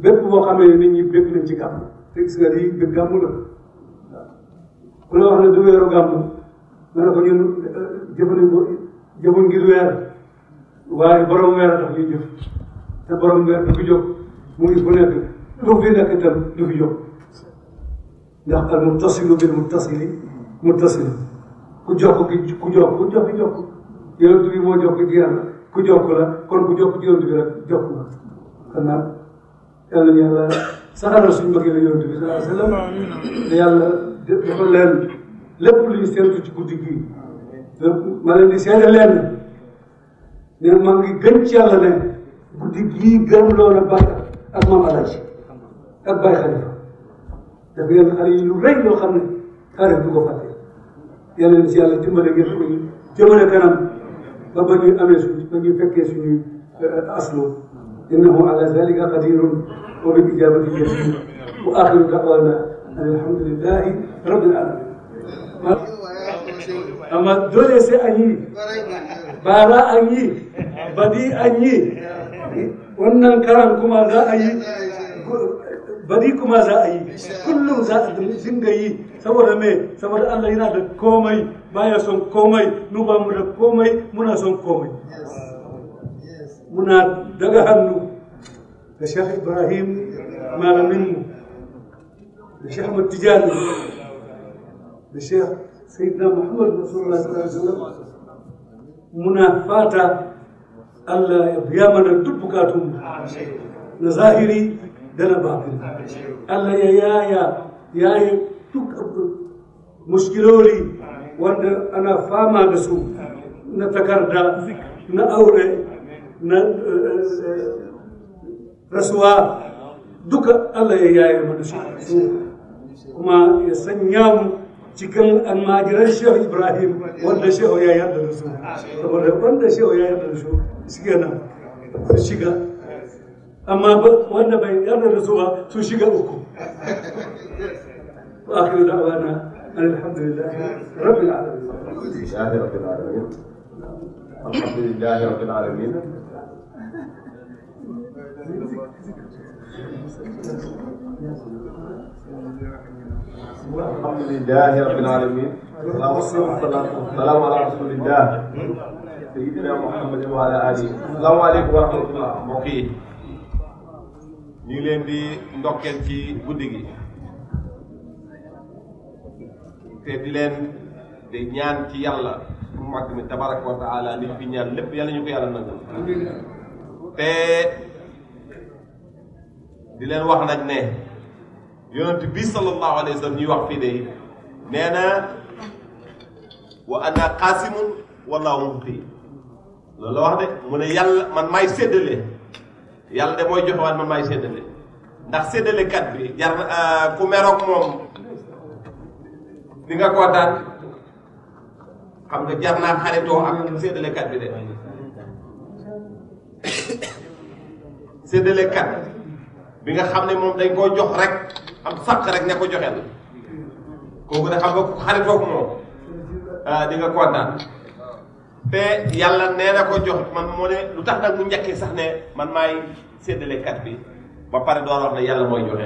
bépp boo xamee ne nit ñi bépp nañ ci gàmm te gis nga lii bi gàmm la ku la wax ne du weeru gàmm nga ne ko ñun eh, jëfandiñ ko jëfuñ ngir weer waaye borom weer a tax ñuy jëf te borom weer du ko jóg mu bu nekk ربنا كتب له ده المتصل بالمتصل متصل كجوك كجوك كجوك كجوك يوم تبي مو جوك ديانا كجوك لا كون كجوك ديانا تبي جوك لا كنا يلا يلا سأل رسول الله صلى الله عليه وسلم يلا دخل لين lépp lu ñu seetlu ci guddi gi ma leen di seede leen ne ma ngi gën ci yàlla ne guddi gii gëm loola bàkk ak maam alaji أبا خليفة نبيل خليل رين وخمنا تاريخ بقى فاتح يلا نسي الله جمعنا جمعنا جمعنا كرم بابني أمس بني فكي سني آه، أصله إنه على ذلك قدير وبالإجابة جدير وآخر دعوانا الحمد لله رب العالمين amma dole sai an yi bara an yi badi an yi wannan karan bari kuma za a yi kullum za a dinga yi saboda me saboda Allah yana da komai baya son komai mu ba mu da komai muna son komai muna daga hannu da Sheikh Ibrahim malamin mu da Sheikh Ahmad Tijani da Sheikh Sayyidina Muhammad Rasulullah sallallahu alaihi muna fata Allah ya biya mana duk bukatunmu na zahiri dana ba babir Allah ya yaya ya duk mushkiloli wanda ana fama da su na takarda na aure na eh, eh, rasuwa duka Allah ya yaye mana su kuma ya sanya mu cikin almajiran shehu ibrahim wanda shehu ya yarda da su saboda wanda shehu ya yarda da su su gana su shiga أما وأنا بين أنا رزوها تشيك أوكو وآخر دعوانا أن الحمد لله رب العالمين رب العالمين الحمد لله رب العالمين الحمد لله رب العالمين اللهم صل على رسول الله سيدنا محمد وعلى اله السلام عليكم ورحمه الله وبركاته ñu ngi leen di ndokkeel ci guddi gi te di leen di ñaan ci yàlla mu mag mi tabaraka wa nit fi ñaan lépp yàlla ñu ko yàlla nangul te di leen wax nag ne yonent bi sallallahu alayhi ñuy wax fii de nee na wa ana qaasimun wallahu loolu la wax de mu ne yàlla man maay séddale yàlla de mooy joxewaat man maay séddale ndax séddalekat bi jar euh, ku meroog moom di nga kontaan xam nga jar naa xaritoo ak séddalekat bi de séddalekat bi nga xam ne moom dañ koo jox rek am sàq rek ña ko joxeel kooku de xam nga xaritoo ak moom euh, di kontaan. te yàlla nee na ko jox man moo ne lu tax nag mu njëkkee sax ne man maay séddalekat bi ba pare door wax ne yàlla mooy joxe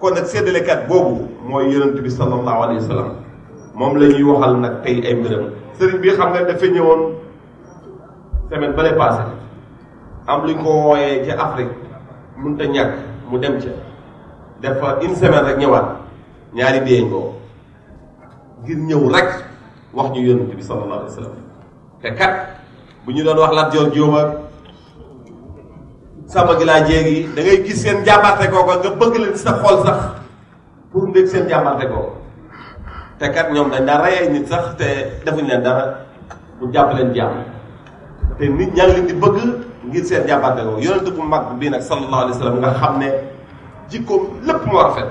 kon nag séddalekat boobu mooy yonent bi sallallahu alayhi wa moom la ñuy waxal nag tey ay mbiram sëriñ bi xam nga dafa ñëwoon semaine ba lay passé am lu ñu ko wooyee ci Afrique mënut a ñàkk mu dem ca dafa une semaine rek ñëwaat ñaari déengoo ngir ñëw rek wax ñu yonent bi sallallahu alayhi wa te kat bu ñu doon wax Lat jor juuma sama gi laa jéegi da ngay gis seen jàmbarte kooka nga bëgg leen sa xol sax pour ndég seen jàmbarte kooka te kat ñoom dañ da rayee nit sax te defuñ leen dara bu jàpp leen jàmm te nit ñaa ngi leen di bëgg ngir seen jàmbarte kooka yonente bu mag bi nag sallallahu alayhi wasallam nga xam ne jikkoom lépp moo fet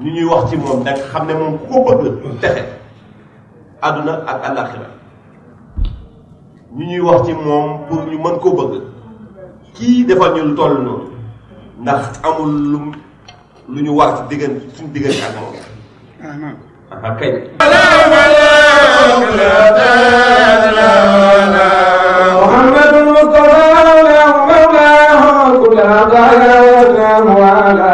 ñu ñuy wax ci moom nag xam ne moom ku ko bëgg texe aduna ak àllaaxira ñu ñuy wax ci moom pour ñu mën ko bëgg kii defal ñu lu toll noonu ndax amul lu lu ñu war ci diggan suñ diggan ak moom ah kay محمد المصطفى اللهم بارك على سيدنا وعلى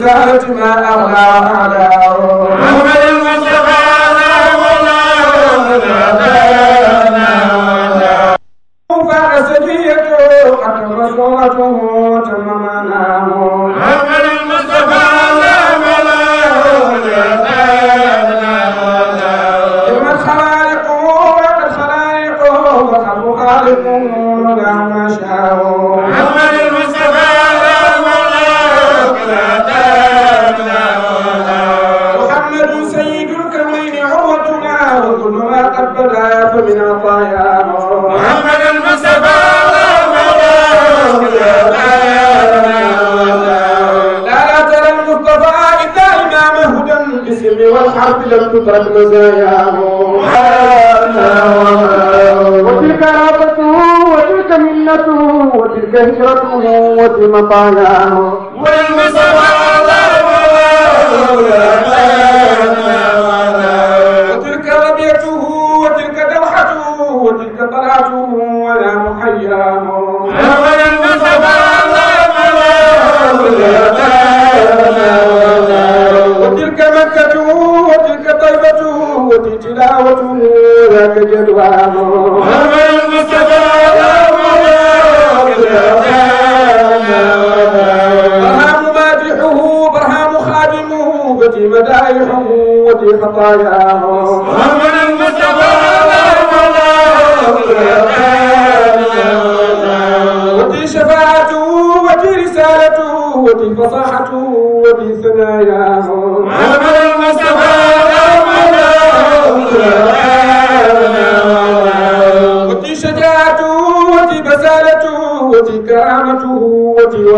الساعة ما أغنى أعلاه محمد المصطفى الحرب لم تترك مزاياه وتلك رابته وتلك منته وتلك هجرته وتم طالاه والمسوى على مولانا الوام برهام مادحه برهام خادمه وفي مدايحه وفي خطاياه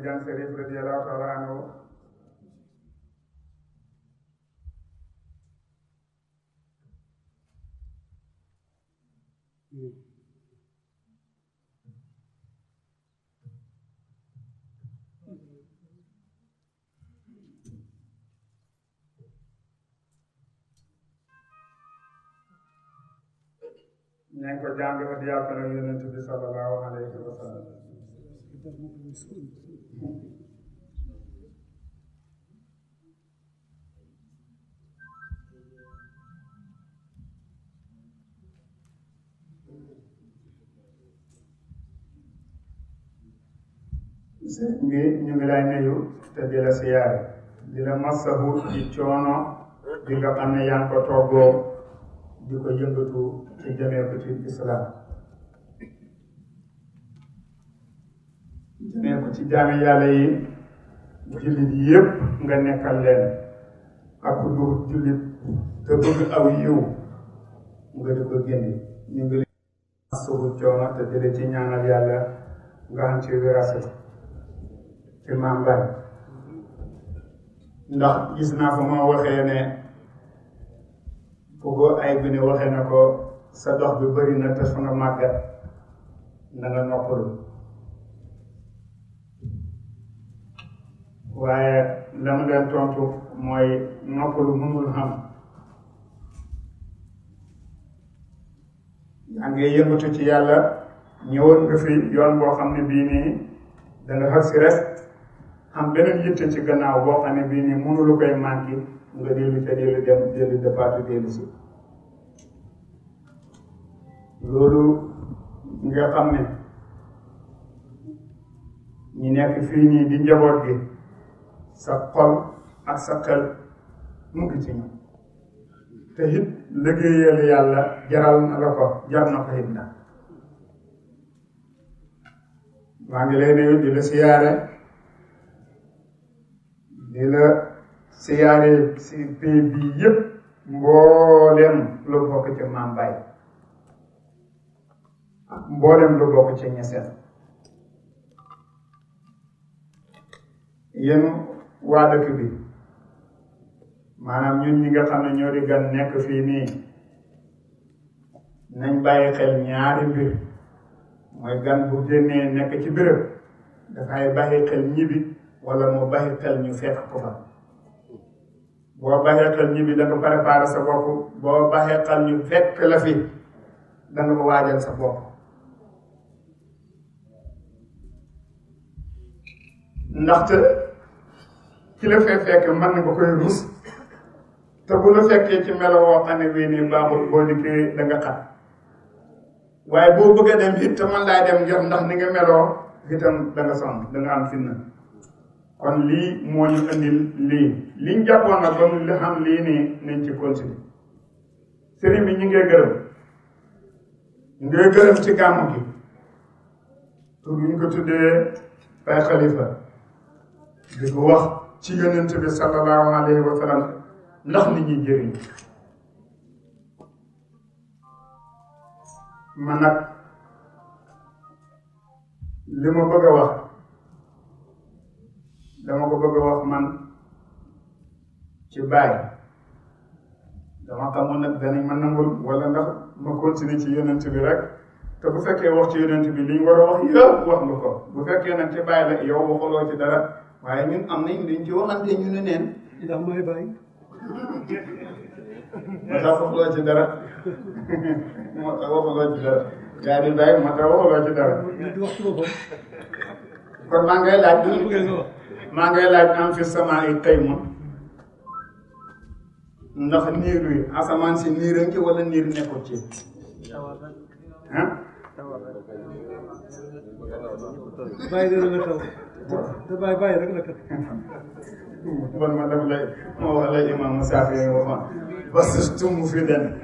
Tijan Sharif radiallahu ta'ala anhu. ñeen ko jàng ba bi sallallahu alayhi wa sallam ngi ñu ngi lay nuyu te di la siyaare di la masahu di coono di nga xam ne yaa ngi ko toggoo di islam ci jaami yàlla yi jullit yépp nga nekkal leen ak du jullit te bëgg aw yiw nga di ko génne ñu ngi leen subu coono te dële ci ñaanal yàlla nga am ci wirase ci maam ndax gis naa fa ma waxee ne foofu ay bi ne waxee na ko sa dox bi bëri te fa nga màggat na nga noppalu waaye la mu tontu mooy noppalu mënul xam yaa ngi yëngatu ci yàlla ñëwoon nga fi yoon boo xam ne bii nii da nga si rek am beneen yitte ci gannaaw boo xam ne bii nii mënulu koy manqué nga dellu ca dellu dem dellu defaatu dellu loolu nga xam ne ñi nekk fii nii di njaboot gi sa xol ak sa xel mu ngi ci ñoom te it liggéeyal yàlla jaral na la jar na ko it na maa ngi lay nuyu di siyaare di siyaare si pays bi mboolem lu bokk ci Maam mboolem lu bokk ci ñeseen yéen waa dëkk bi maanaam ñun ñi nga xam ne ñoo di gan nekk fii nii nañ bàyyi xel ñaari mbir mooy gan bu génnee nekk ci béréb dafay bàyyi xel ñibbi wala moo bàyyi xel ñu fekk ko fa boo bàyyi xel ñibbi da nga préparé sa bopp boo bàyyi xel ñu fekk la fi da ko waajal sa bopp ndaxte ki la fee fekk mën nga koy rus te bu la ci melo woo xam ne bii nii boo dikkee da nga xat waaye boo dem it man laay dem ngir ndax ni nga meloo itam da nga am fitna kon lii moo ñu andil lii liñ jàppoon nag ba mu ci continuer sëriñ bi ñu gërëm ñu gërëm ci gàmmu tur bi ñu tuddee Baye Khalifa di ko wax ci yonent bi sallallahu alayhi wa sallam ñi jëriñ ma nag li ma bëgg wax dama ko bëgg a wax man ci bàyyi dama xamoon nag danañ ma nangul wala ndax ma continuer ci yonent bi rek te bu fekkee wax ci yonent bi li ñu war a wax wax nga ko bu fekkee nag ci bàyyi la yow waxuloo ci dara waaye ñun am nañ luñ ci waxante ñu ne neen ndax may ma tax waxuloo ci dara ma tax waxuloo ci dara yaa di ma tax waxuloo ci dara kon maa ngay laaj maa ngay laaj am fi sama yi tey moom ndax niir wi asamaan si niir a ngi ci wala niir nekkul ci ah ta baya baya rag na kata wal madam lay ma wala imam musafi wa ma bastum mufidan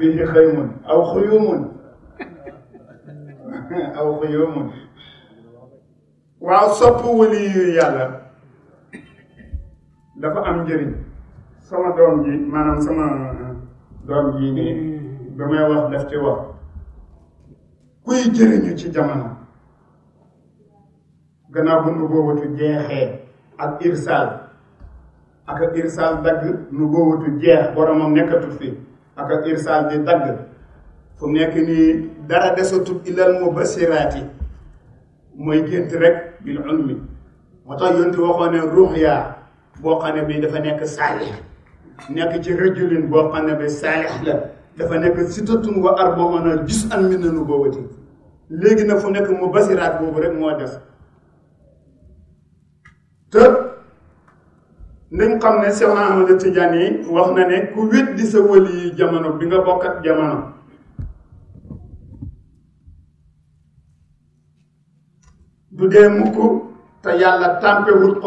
فيه خيم أو خيوم أو خيوم waaw sopp waliyu yàlla dafa am njëriñ sama doom ji maanaam sama doom ji ni ba may wax daf ci wax kuy jëriñu ci jamono gannaaw bu nu boobatu jeexee ak irsaal ak irsaal dagg nu boobatu jeex boromam nekkatut fi ak irsaal di dagg fu nekk nii dara desatut ilal mubasiraati mooy gént rek bil ulmi moo tax waxoon ne ruxya boo xam ne bii dafa nekk saalix nekk ci rajulin boo xam ne bi saalix la dafa nekk sitatun wa arbauna jus an min na nu boobati léegi nag fu nekk mu basiraat boobu rek moo des te nañ xam ne Cheikh Ahmad Tidiane yi wax na ne ku weddi sa wëli yi jamono bi nga bokk ak jamono du dee mukk te yàlla tàmpe wut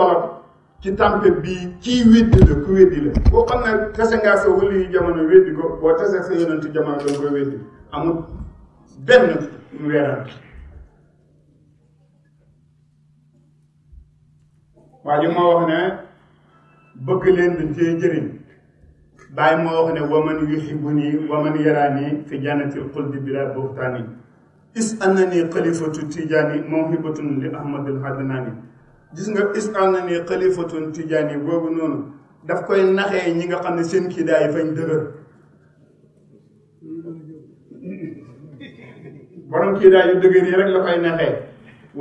ci tàmpe bii kii weddi la ku weddi la boo xam ne tase ngaa sa wëli yu jamono weddi ko boo tase sa yonent jamono danga weddi amul benn ñu moo wax ne bëgg leen dañ cee moo wax ne waman yuhibuni waman yarani fi jannatil xuldi bila buxtaani is annani xalifatu tijaani mawhibatun li ahmadul hadnani gis nga is annani xalifatun tijaani boobu noonu daf koy naxee ñi nga xam ne seen kii daay fañ dëgër borom kii daay yu dëgër yi rek la koy neexee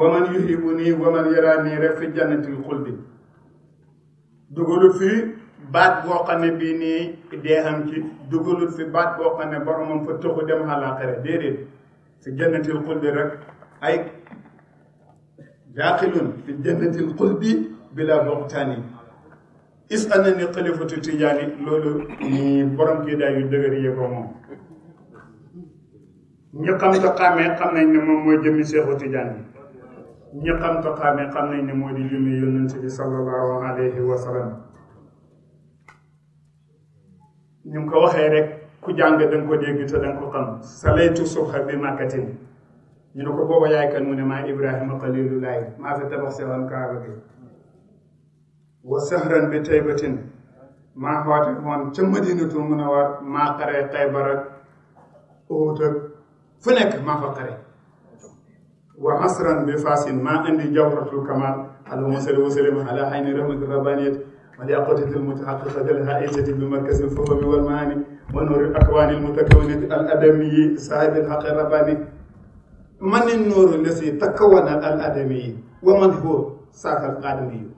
waman yuhibu nii waman yaraa nii rek fi jannatil xuldi dugalut fi baat boo xam ne bii nii dee am ci dugalut fi baat boo xam ne boromam fa tëxu dem àllaaxira déedéet fi jannatil xuldi rek ay daaqilun fi jannatil xuldi bila boxtaani is ana ni xalifatu tijaani loolu nii borom kii daay dëgër yi ko ñu xam ko xàmmee xam ne moom jëmmi Seexu Tijaan bi ñu xam ko xàmmee ne moo di jëmmi yonent bi sallallahu alayhi wa sallam ñu waxee rek ku jàng da nga ko dégg te salaytu subha bi màkkatin ñu ne ko booba yaay kan mu ne maa Ibrahima xalilullahi maa fi tabax sewam kaaba bi wa bi taybatin maa xoote woon ca madinatul munawwar maa xaree Xaybar ak Uhud ak فنك ما فقري ومصرا بفاس ما عندي جورة كمان على مصر وسلم على حين رمك الربانية ولأقوة المتحققة الهائسة بمركز الفهم والمعاني ونور الأكوان المتكونة الأدمي صاحب الحق الرباني من النور الذي تكون الأدمي ومن هو صاحب الأدمي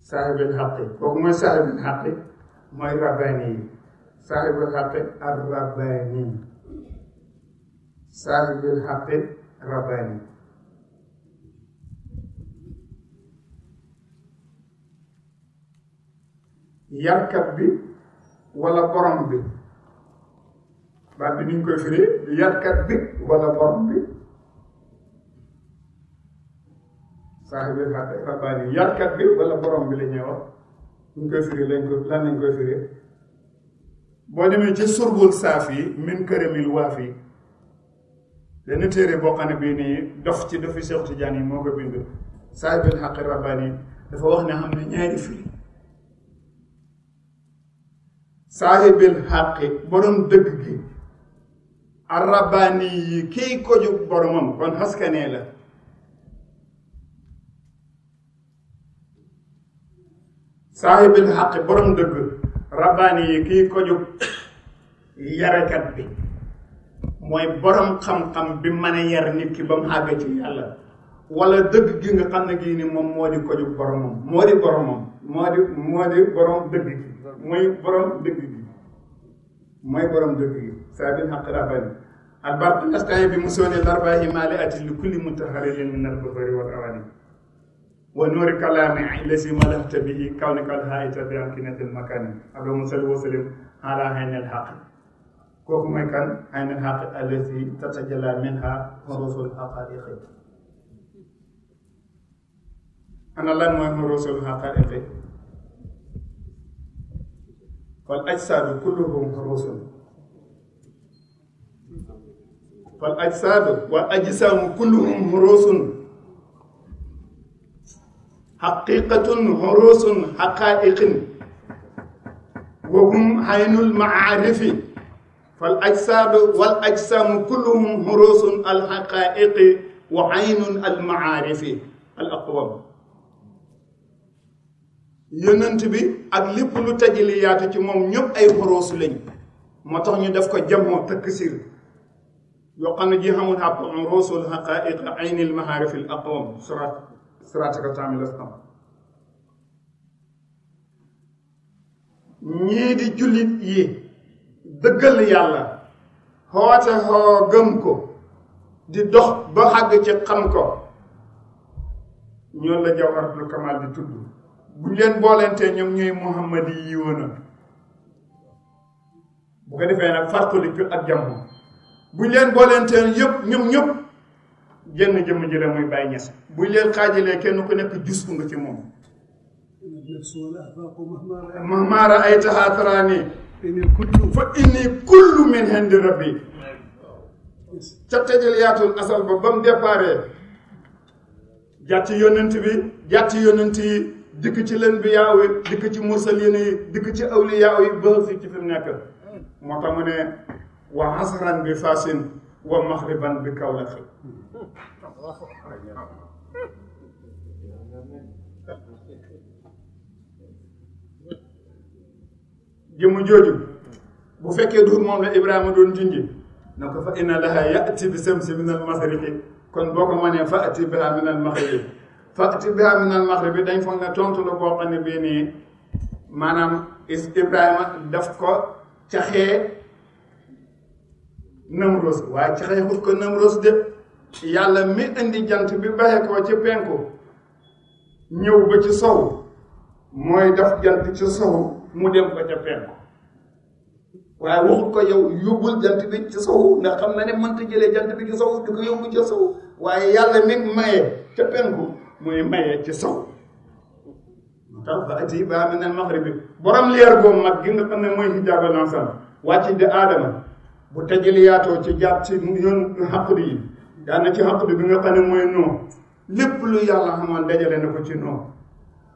صاحب الحق وكما صاحب الحق ما الرباني saaxibul xaqi ar rabbani saaxibul xaqi rabbani yarkat bi wala borom bi baat bi ni ñu koy firee yarkat bi borom bi saaxibul xaqi rabbani yarkat bi wala borom bi la ñuy wax ñu koy firee lañ lan lañ koy firee boo demee ca surbul saaf min këramil waaf yi dana téere boo xam ne bii nii dox ci dofi Seex Tijaan yi moo ko bind saahibul xaqi rabbani dafa wax ne xam ne ñaari firi saahibul xaqi borom dëgg gi ar rabbani yi kii ko boromam kon xaskanee la saahibul xaqi borom dëgg rabani ki ko jub kat bi moy borom xam-xam bi mané yar nit ki bam mu ci yàlla wala deug gi nga xam na gi ni mom modi ko jub borom mom modi borom mom modi modi borom deug gi moy borom deug gi moy borom deug gi saa bi xaq rabbaani albartu nastaye bi mu soone larbahi maali ati li kulli mutaharilin wal awani ونور كلامي الذي ملأت به كونك قد هايت بأمكنة المكان اللهم مسلم وسلم على هين الحق كوكو مكان هين الحق التي تتجلى منها رسول الحقائق أنا لا ما رسول الحقائق فالأجساد كلهم خروس فالأجساد والأجسام كلهم خروس حقيقة عروس حقائق وهم عين المعارف فالأجساد والأجسام كلهم عروس الحقائق وعين المعارف الأقوام yonent bi ak lépp lu tajaliyaatu ci moom ñëpp ay xoroos lañ moo tax ñu def ko jamoo taksir yoo xam ne ji xamul xàpp xoroosul xaqaiq aynil maharif al aqwam surat siraatika kaamil la xam ñii di jullit yi dëggal yàlla xoote xoo gëm ko di dox ba xàgg ci xam ko ñoo la jawharatul kamal di tudd buñ leen boolentee ñoom ñooy muhammadi yi bu ko defee nag fàttaliku ak jàmm buñ leen boolentee yëpp ñoom ñëpp jënn jëmm ji la muy Baye Niass buñ leen xaajalee kenn ku nekk jus nga ci moom mahma raaytahaa taraanii fa inni kullu min indi rabbi ca tëjal yaatul asal ba ba mu déparé jàtt bi jàtt yonent dikk ci leen bi yaaw yi dikk ci mursalin yi dikk ci awliyaaw yi ba si ci fi nekk moo tax ne wa asran bi fasin wa maxriban bi kawlaxi jëmu jooju bu fekkee du moom la Ibrahima doon junji na ko fa inna laha ya'ti bi shamsi min al masriqi kon boo ko mënee fa ati biha min al fa ati biha min al dañ foog ne tontu la boo xam ne bii nii maanaam is Ibrahima daf ko caxee Namroos waaye caxee xut ko Namroos de. yàlla mi indi jant bi bàyyi ko ci penku ñëw ba ci sow mooy def jant ci sow mu dem ba ca penku waaye waxut ko yow yóbbul jant bi ci sow ndax xam na ne mënta jëlee jant bi ci sow du ko yóbbu ca sow waaye yàlla mi maye ca penku muy maye ci sow tax ba ati ba min al maghribi borom leer boobu mag gi nga xam ne mooy hijaabal ansam wàcc di aadama bu tajaliyaatoo ci jàpp ci yoon yi daa na ci xaq bi nga xam ne mooy noo lépp lu yàlla xamoon dajale na ko ci noo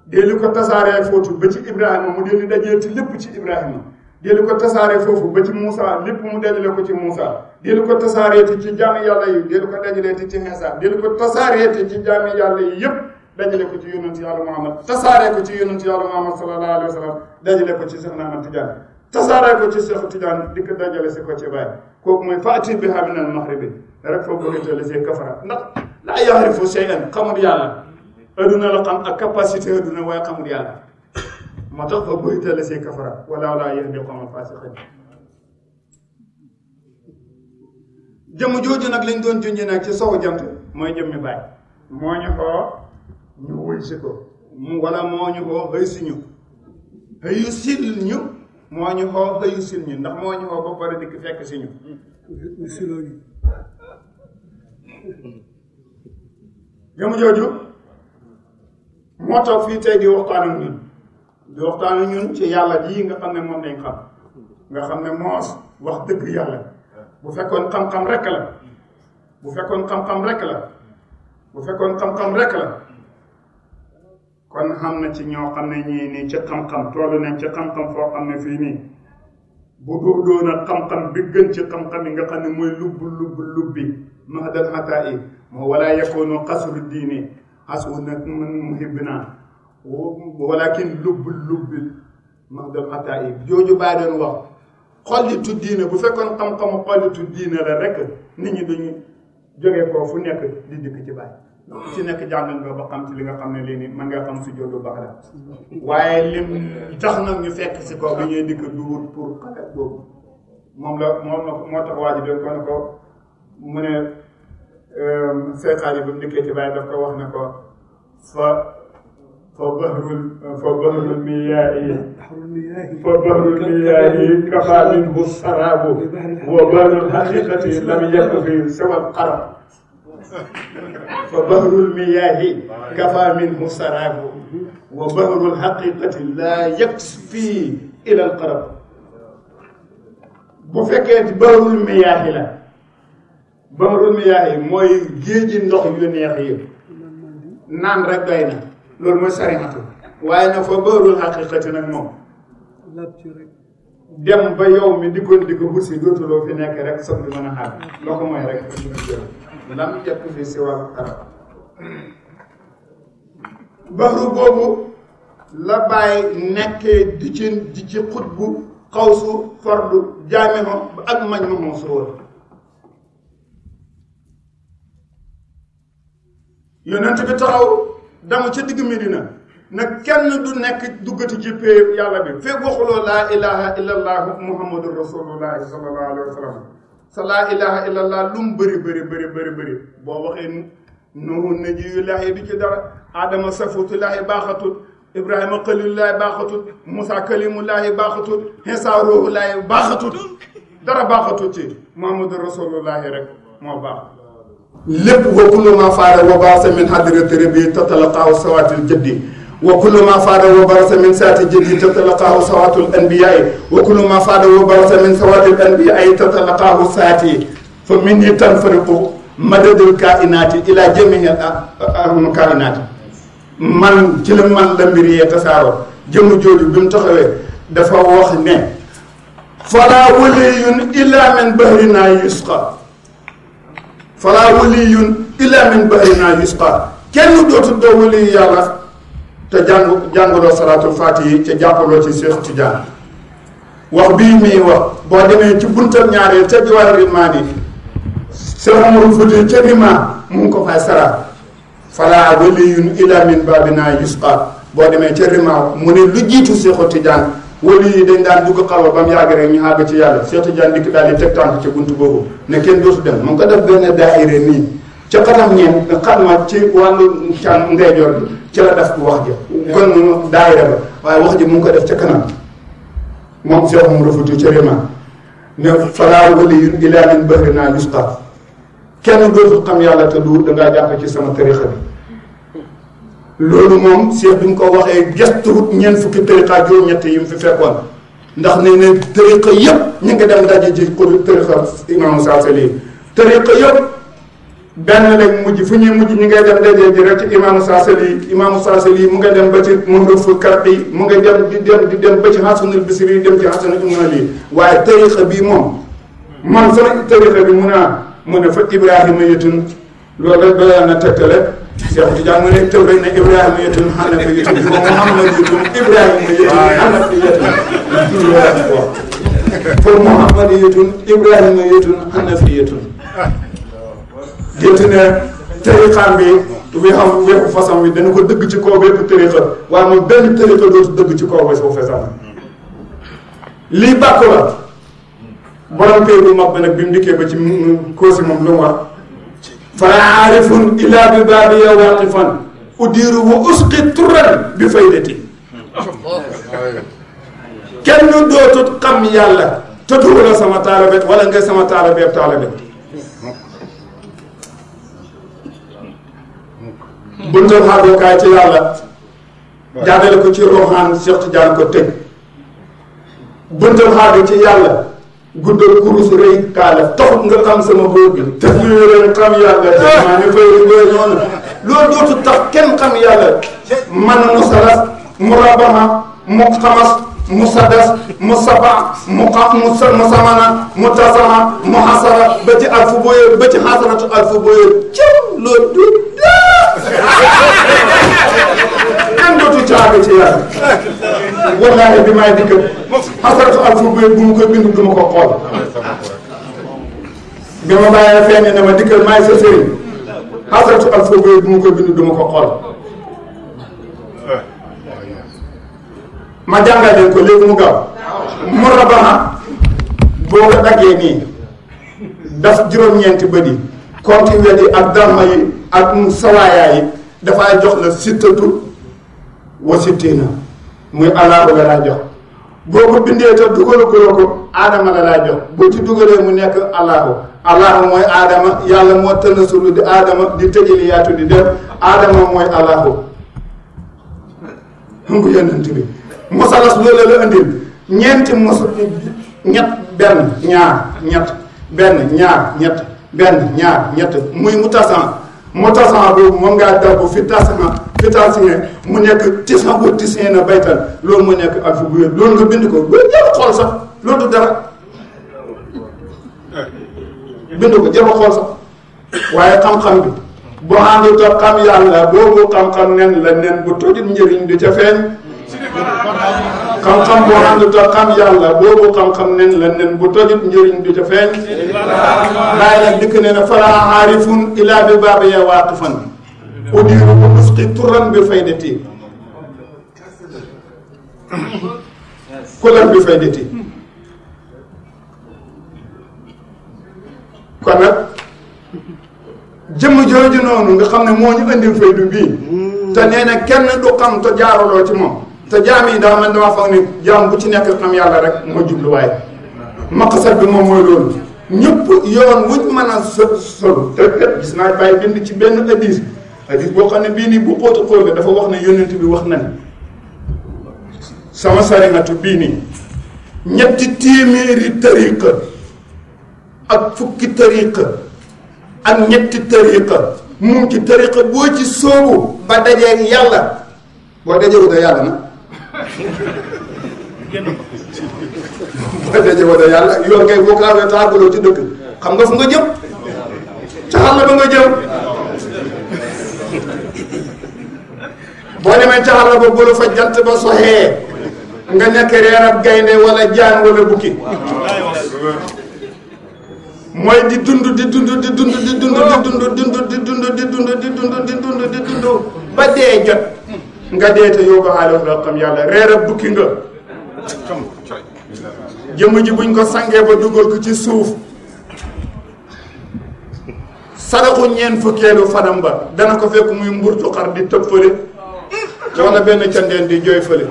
déeli ko tasaaree foofu ba ci ibrahima mu déeli dajee ci lépp ci ibrahima déeli ko tasaaree foofu ba ci muusa lépp mu dajale ko ci muusa déeli ko tasaareeti ci jaami yàlla yi déeli ko dajaleeti ci xeesa déeli ko tasaareeti ci jaami yàlla yi yépp dajale ko ci yonent yàlla ko ci yonent yàlla muhammad sallallahu alayhi wa sallam dajale ko ci Seexna Ahmad Tijaan tasaaree ko ci di ko dajale si ko ci bàyyi kooku mooy faati bi rek foo ko utiliser kafara ndax laa yaxrifu shay'an xamul yàlla adduna la xam ak capacité adduna waaye xamul yàlla moo tax foo ko utiliser kafara wala laa yahdi qawmal fasiqin jëmm jooju nag lañ doon junj nag ci sowu jant mooy jëmmi baay moo ñu xoo ñu wuy si ko mu moo ñu xoo xëy si ñu xëyu sil ñu moo ñu xoo xëyu sil ñu ndax moo ñu xoo ba pare dikk fekk si ñu yam jooju mo taw fii di waxtan ak ñun di waxtan ak ñun ci yalla ji nga xamne mom moom lañ xam nga xamne ne wax deug yalla bu fekkon xam-xam rek la bu fekkon xam-xam rek la bu fekkon xam-xam rek la kon xamna na ci ño xamne ñi ni ci xam-xam tolu nañ ci xam-xam fo xamne fi ni bu doo doon a xam-xam bi gën ci xam-xam yi nga xam ne mooy lubbu lubbu lubbi mahdal xataa yi moo wala yakoonu xasru diini xasru nag man muhib naa walakin lubbu lubbi mahdal xataa yi jooju baa doon wax xollitu diine bu fekkoon xam-xamu xollitu diine la rek nit ñi dañu jógee koo fu nekk di dikk ci bàyyi ku ci nekk jàng nga ba xam ci li nga xam ne lii nii mën nga xam su jooju baax la waaye lim tax nag ñu fekk si ko bi ñuy dikk duwut pour xale boobu moom la moom la moo tax waa ji doon ko ne ko mu ne seexaar yi ba mu dikkee ci bàyyi daf ko wax ne ko fa fa bahrul fa fa bahrul miyaahi kafa minhu saraabu wa bahrul haqiqati lam yakfi fa bahrul miyaahi kafa minhu saraabu wa bahrul xaqiqati laa yakfi ila alqarab bu fekkee bahrul miyaahi la bahrul miyaahi mooy géeji ndox yu neex yi naan rek doy na loolu mooy sarihatu waaye nag fa bahrul xaqiqati nag moom dem ba yow mi diggoon digg bu si dootuloo fi nekk rek soog di mën a xaar rek. lam tekk fi siwal arab baxru boobu la bàyyi nekkee di ci di ci xutbu xawsu fardu jaamino ba ak mañ ma monsuur yonent bi taxaw dama ca digg Medina nag kenn du nekk duggati ci yàlla bi fekk waxuloo laa ilaha illa muhammadu rasulullahi sallallahu alayhi wa sa laa ilaha illallah lu mu bëri bëri bëri bëri bëri boo waxee nuhu najiyullahi du ci dara adama safutullahi baaxatul ibrahima xalilullahi baaxatul moussa kalimullahi baaxatul Insa ruhullahi baaxatul dara baaxatul ci muhammadu rasulullahi rek moo baax lépp wa kullu ma faala wa baasa min hadrati rabbi tatalaqaaw sawatil jaddi وكل ما فاد وبرز من سات الجن تتلقاه سوات الأنبياء وكل ما فاد وبرز من سوات الأنبياء تتلقاه ساتي فمني تنفرق مدد الكائنات إلى جميع الكائنات من جل من لمبري يتسارو جم جود بنت خوي دفع وخنة فلا ولي إلا من بهرنا يسقى فلا ولي إلا من بهرنا يسقى كل دوت دو ولي يا الله te jàng jàngaloo faat yi ca jàppaloo ci Cheikh Tidiane wax bii muy wax boo demee ci buntal ñaareel ca Jawaahir Rimaani Cheikh Omarul Fuuti ca Rima mu ngi ko fay saraat falaa waliyun naa min baabina yusqa boo demee ci Rima mu ne lu jiitu Cheikh Tidiane wali yi dañ daan dugg xalwa ba yàgg rek ñu àgg ci yàlla Cheikh Tidiane dikk daal di teg tànk ca buntu boobu ne kenn dootu dem mu ngi ko def benn daayira nii ca xatam ñeent xatma ci wàllu can ndeyjoor bi ci la def wax ja kon mu daayira ba waaye wax ja mu ngi ko def ca kanam moom Cheikh Oumar Foutiyou ca Réma ne falaa waliyun illaa min bahrinaa yusqat kenn dootul xam yàlla te du dangaa jàpp ci sama tarixa bi loolu moom Cheikh bi ñu ko waxee gestuwut ñeent fukki tarixa juróom-ñett yi mu fi fekkoon ndax ne ne tarixa yëpp ñu ngi dem daje ji ko tarixa imaamu Saasali tarixa yëpp benn léeg mujj fu ñuy mujj ñi ngay dem dajee ji rek ci imaamu saasali imaamu saasali mu nga dem ba ci muhrifu karqi mu nga dem di dem di dem ba ci xasanul bisri dem ci xasanul umali waaye tarixa bi moom man sama tarixa bi mun a mu ne fa ibrahima yëtun loolu rek doyoon na tegtale Cheikh Tidiane mu ne tëb rek ne ibrahima yëtun xanafi yëtun moom muhammad yëtun ibrahima yëtun xanafi yëtun loolu rek wax pour muhammad gént ne tariqaam bi wi xam wépp façon bi dana ko dëgg ci kaw bépp tariqa waaye moom benn tariqa dootu dëgg ci kaw ba suuf fesam lii bàkk la borom pay bu mag ba nag bi mu dikkee ba ci koosi moom lu mu wax fa aarifun ila bi baabi ya waaqifan udiru wa usqi turan bi faydati kenn dootut xam yàlla tëddu wala sama taalibet wala ngay sama taalibet taalibet buntal xaarukaay ci yàlla jaarale ko ci roxaan Cheikh Tidiane ko tëgg buntal xaaru ci yàlla guddal kurus rëy kaala taxut nga xam sama góor bi te ñu leen xam yàlla loolu dootul tax kenn xam yàlla man mu salas mu rabaha mu xamas mu sadas mu saba mu samana mu tasama mu xasara ba ci alfu ba ci xasaratu alfu booyee loolu du kenn dootu caaga ci yàlla wallaahi bi maay dikkam xasaratu alphabet bu mu ko bind du ko xool bi ma bàyyee feeñ ne ma dikkal maay sa sëriñ xasaratu alphabet bu mu ko bind du ko xool ma jàngal ko léegi mu gaaw mu rabana boo ko daggee nii daf juróom-ñeenti bët yi continuer di ak dàmm yi ak mu sawaayaa yi dafaa jox la sittatu wa sittina muy alaabu la laa jox boo bindee te dugalaguloo ko aadama la laa jox boo ci dugalee mu nekk alaahu alaahu mooy aadama yàlla moo tënn sulu di aadama di tëjali yaatu di def aadama mooy alaahu ngu yonent bi mosalas loolu la indil ñeenti mos ñett benn ñaar ñett benn ñaar ñett benn ñaar ñett muy mu tasan mu tasan boobu moom ngaa dabb fi tasan fi tasan mu nekk tisan bu tisan na baytal loolu mu nekk alfu bu wér loolu nga bind ko ba jël xool sax loolu du dara bind ko jël xool sax waaye xam-xam bi boo àndut ak xam yàlla boobu xam-xam nen la nen bu tojut njëriñ du ca feeñ xam-xam boo àndut ak xam yàlla boobu xam-xam nen la nen bu tojut njëriñ du ca bàyyi nag dikk ne na falaa aarifun ilaa bi baabi ya waaqifan udiru bu nusqi turan bi faydati kulan kon nag jëmm jooju noonu nga xam ne moo ñu andil faydu bii te nee na kenn du xam te jaaruloo ci moom te jaam yi daa man dama foog ni jaam bu ci nekk xam yàlla rek moo jubluwaay maqsad bi moom mooy loolu ñëpp yoon wuñ mën a sol sol te pep gis naa bàyyi bind ci benn hadis hadis boo xam ne bii nii bu xóotu xóor dafa wax ne yonent bi wax na ne sama saringatu bii nii ñetti téeméeri tariqa ak fukki tariqa ak ñetti tariqa mu ci tariqa boo ci soobu ba dajee yàlla boo dajee da yàlla nag kenn mooy daje wala yàlla ak yoon kay boo ko amee taagaloo ci dëkk xam nga fu nga jëm. ca xam la ba nga jëm. boo demee ca xam la ba bu fa jant ba soxee nga nekk reer ab gaynde wala jaan wala bukki. mooy di dund di dund di dund di dund di dund di dund di dund di dund dund ba dee jot. nga deete yóbbaale wu la bukki nga jëmm ji buñ ko sangee ba dugal ko ci suuf saraxu ñeen fukkeelu fanam ba dana ko fekk muy mburtu xar di tëb fële wala benn candeen di jooy fële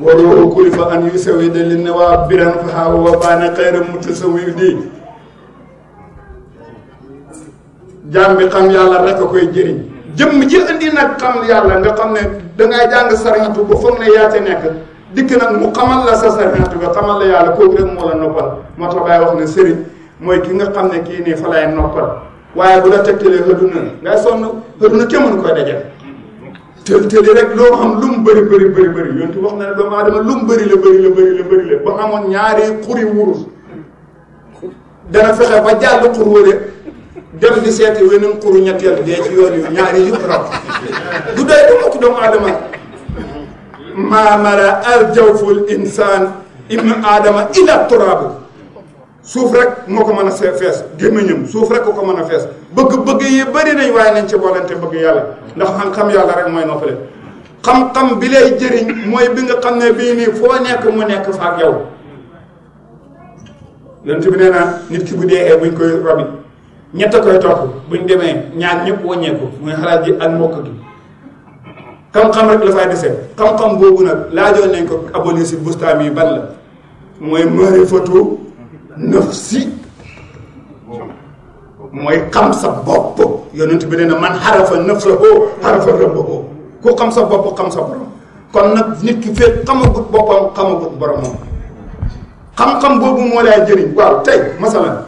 waroo ukuli fa an yu sewi de li ne waa biran fa xaawa wa baane xayra mutu sawi di jaam bi xam yàlla rek a koy jëriñ jëmm ji indi nag xam yàlla nga xam ne dangay jàng sariyatu ba foog ne yaa ca nekk dikk nag mu xamal la sa sariyatu ba xamal la yàlla kooku rek moo la noppal moo tax baay wax ne sëriñ mooy kii nga xam ne kii nii fa lay noppal waaye bu la tegtalee xëdduna ngay sonn xëdduna kenn mënu koy dajal te te li rek loo xam lu mu bëri bëri bëri wax na ne doomu aadama lu mu bëri la bëri la bëri la bëri la ba amoon ñaari xuri wurus dana fexe ba jàll xur wële dem di seeti weneen xuru ñetteel dee ci yoon yu ñaari yëpp raw du doy du mokk doomu aadama maamara al jawful insaan ibnu aadama ila turaabu suuf rek moo ko mën a fees gémmiñam suuf rek ko ko mën a fees bëgg-bëgg yi bëri nañ waaye nañ ci boolante bëgg yàlla ndax xam-xam yàlla rek mooy noppale xam-xam bi lay jëriñ mooy bi nga xam ne bii nii foo nekk mu nekk fa ak yow lent nee naa nit ki bu dee buñ koy rabi ñett koy topp buñ demee ñaan ñëpp wàññeeku muy xalaat ji ak mokk gi xam-xam rek la fay dese xam-xam boobu nag laajoon nañ ko aboli si bustaam yi ban la mooy marifatu nafsi mooy xam sa bopp yonent bi nee na man xarafa nafsahu xarafa rabbahu ku xam sa bopp xam sa borom kon nag nit ki fekk xamagut boppam xamagut boromam xam-xam boobu moo lay jëriñ waaw tey masalan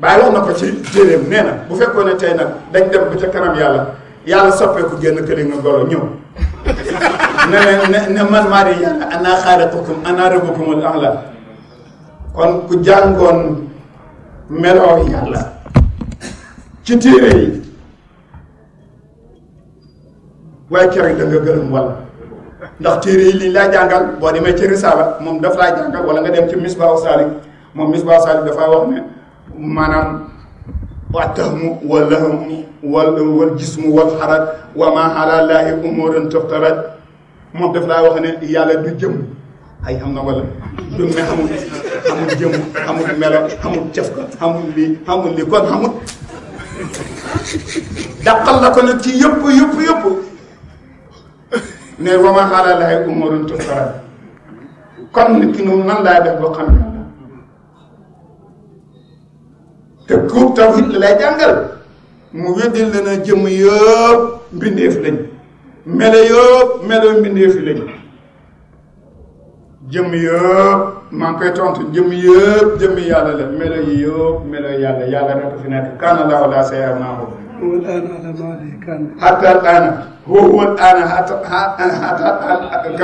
bàyyiloon na ko ci mena nee na bu fekkoon ne tey dañ dem ba ca kanam yàlla yàlla soppeeku génn këri nga golo ñëw (laughs) ne ne ne man maa di ana rebu ana rabbukum ala kon ku kon meloo yala ci téere yi waaye keroog da nga wala ndax téere yi lii la jàngal boo demee ci risaala mom daf laa jangal wala nga dem ci misbaaw mom moom misbaaw saalik dafaa wax ne manam واتهم ولهم والجسم والحرج وما على الله امور تفترض موم دافلا واخني يالا دو جيم اي خمنا ولا دو مي خمو خمو جيم خمو ملو خمو تيفكا خمو لي خمو لي كون خمو دقل لك نتي ييب ييب ييب ني نعم، وما على الله امور تفترض كون نتي نون نان لا ديف بو خمي te góob tawhid la lay jàngal mu weddil la na jëmm yëpp mbindeef lañ melo yëpp melo mbindeef lañ jëmm yëpp maa koy tontu jëmm yëpp jëmm yàlla la melo yëpp melo yàlla yàlla rek fi nekk kaana laahu laa sayara maahu hatta al aana huwa huwa al aana hatta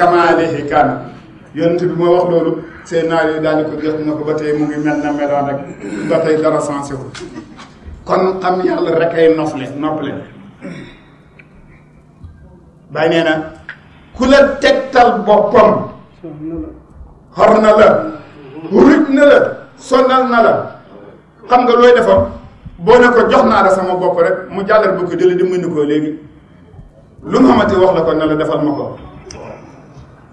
kama alayhi kaana yonent bi ma wax loolu seen naa yi daal di ko jot na ko ba tey mu ngi mel na meloon rek ba tey dara sensé kon xam yàlla rek ay nofle noppale bàyyi nee na ku la tegtal boppam xor na la ruj na la sonal na la xam nga looy defam boo ne ko jox naa la sama bopp rek mu jàllal bu ko jëlee di mën ko léegi lu mu xamante wax la ko ne la defal ma ko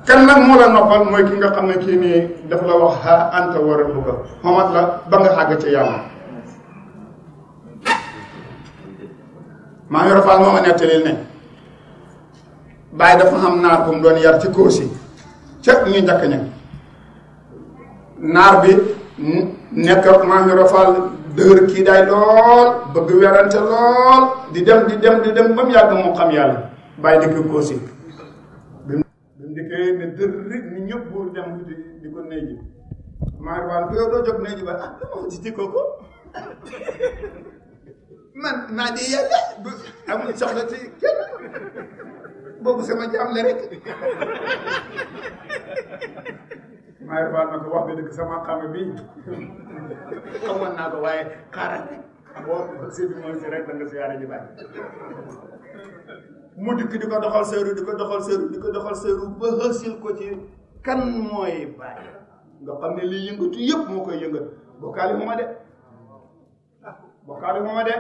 kan nak mo la noppal moy ki nga xamne ki ni daf la wax ha anta wara rabbuka xamat la ba nga xag ci yalla ma ngi faal moo ma ne bàyyi dafa xam nar bu mu doon yar ci kóosi ca ñu ndak ña nar bi nekk ma ngi deur ki day lol bëgg wérante lol di dem di dem di dem bam yag mo xam yàlla ndikee ne dërri ni ñëpp buur di di maa ngi waan bu yow doo jóg néeg ba ah lu ma ci dikkoo ko (laughs) man naa di yàlla bu amul soxla ci kenn boobu sama jaam la rek (laughs) maa ngi waan na ko wax bi dëgg sama xame bi (laughs) xamoon naa ko waaye xaaral bi boo si bi mooy si rek da nga si yaara ji bàyyi mu dikk di ko doxal seeru di ko doxal seeru di ko doxal seeru ba xësil ko ci kan mooy bàyyi nga xam ne lii yëngatu yëpp moo koy yëngat bokkaali mooma de bokkaali mooma de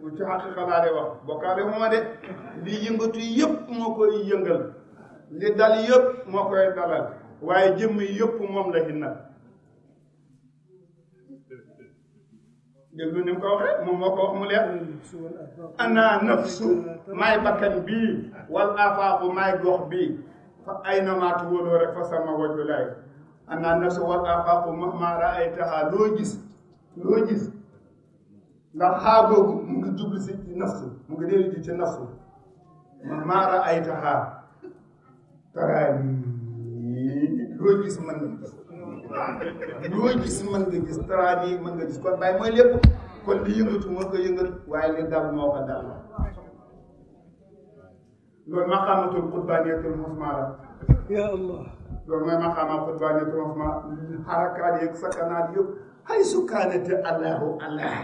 bu ci xaqiqa laa de wax bokkaali mooma de lii yëngatu yëpp moo koy yëngal li dal yëpp moo koy dalal waaye jëmm yëpp moom la hinna déglu ni mu ko waxee moom moo wax mu leer ana nafsu maay bakkan bii wal afaaku maay gox bii fa ay namaatu wóoloo rek fa sama waju laay ana nafsu wal afaaku ma ma raaytaha loo gis loo gis ndax xaa googu mu ngi jublu si nafsu mu ngi dellu ji ci nafsu ma raaytaha taraani loo gis mën na loo gis mën nga gis tara bi mën nga gis kon bàyyi mooy lépp kon li yëngatu moo ko yëngal waaye li dal moo ko dal loolu maqaamatul qutbaaniyatul musmaa la ya allah loolu mooy maqaama qutbaaniyatul musmaa xarakaat yeeg sakanaat yëpp xay sukkaanate allahu allah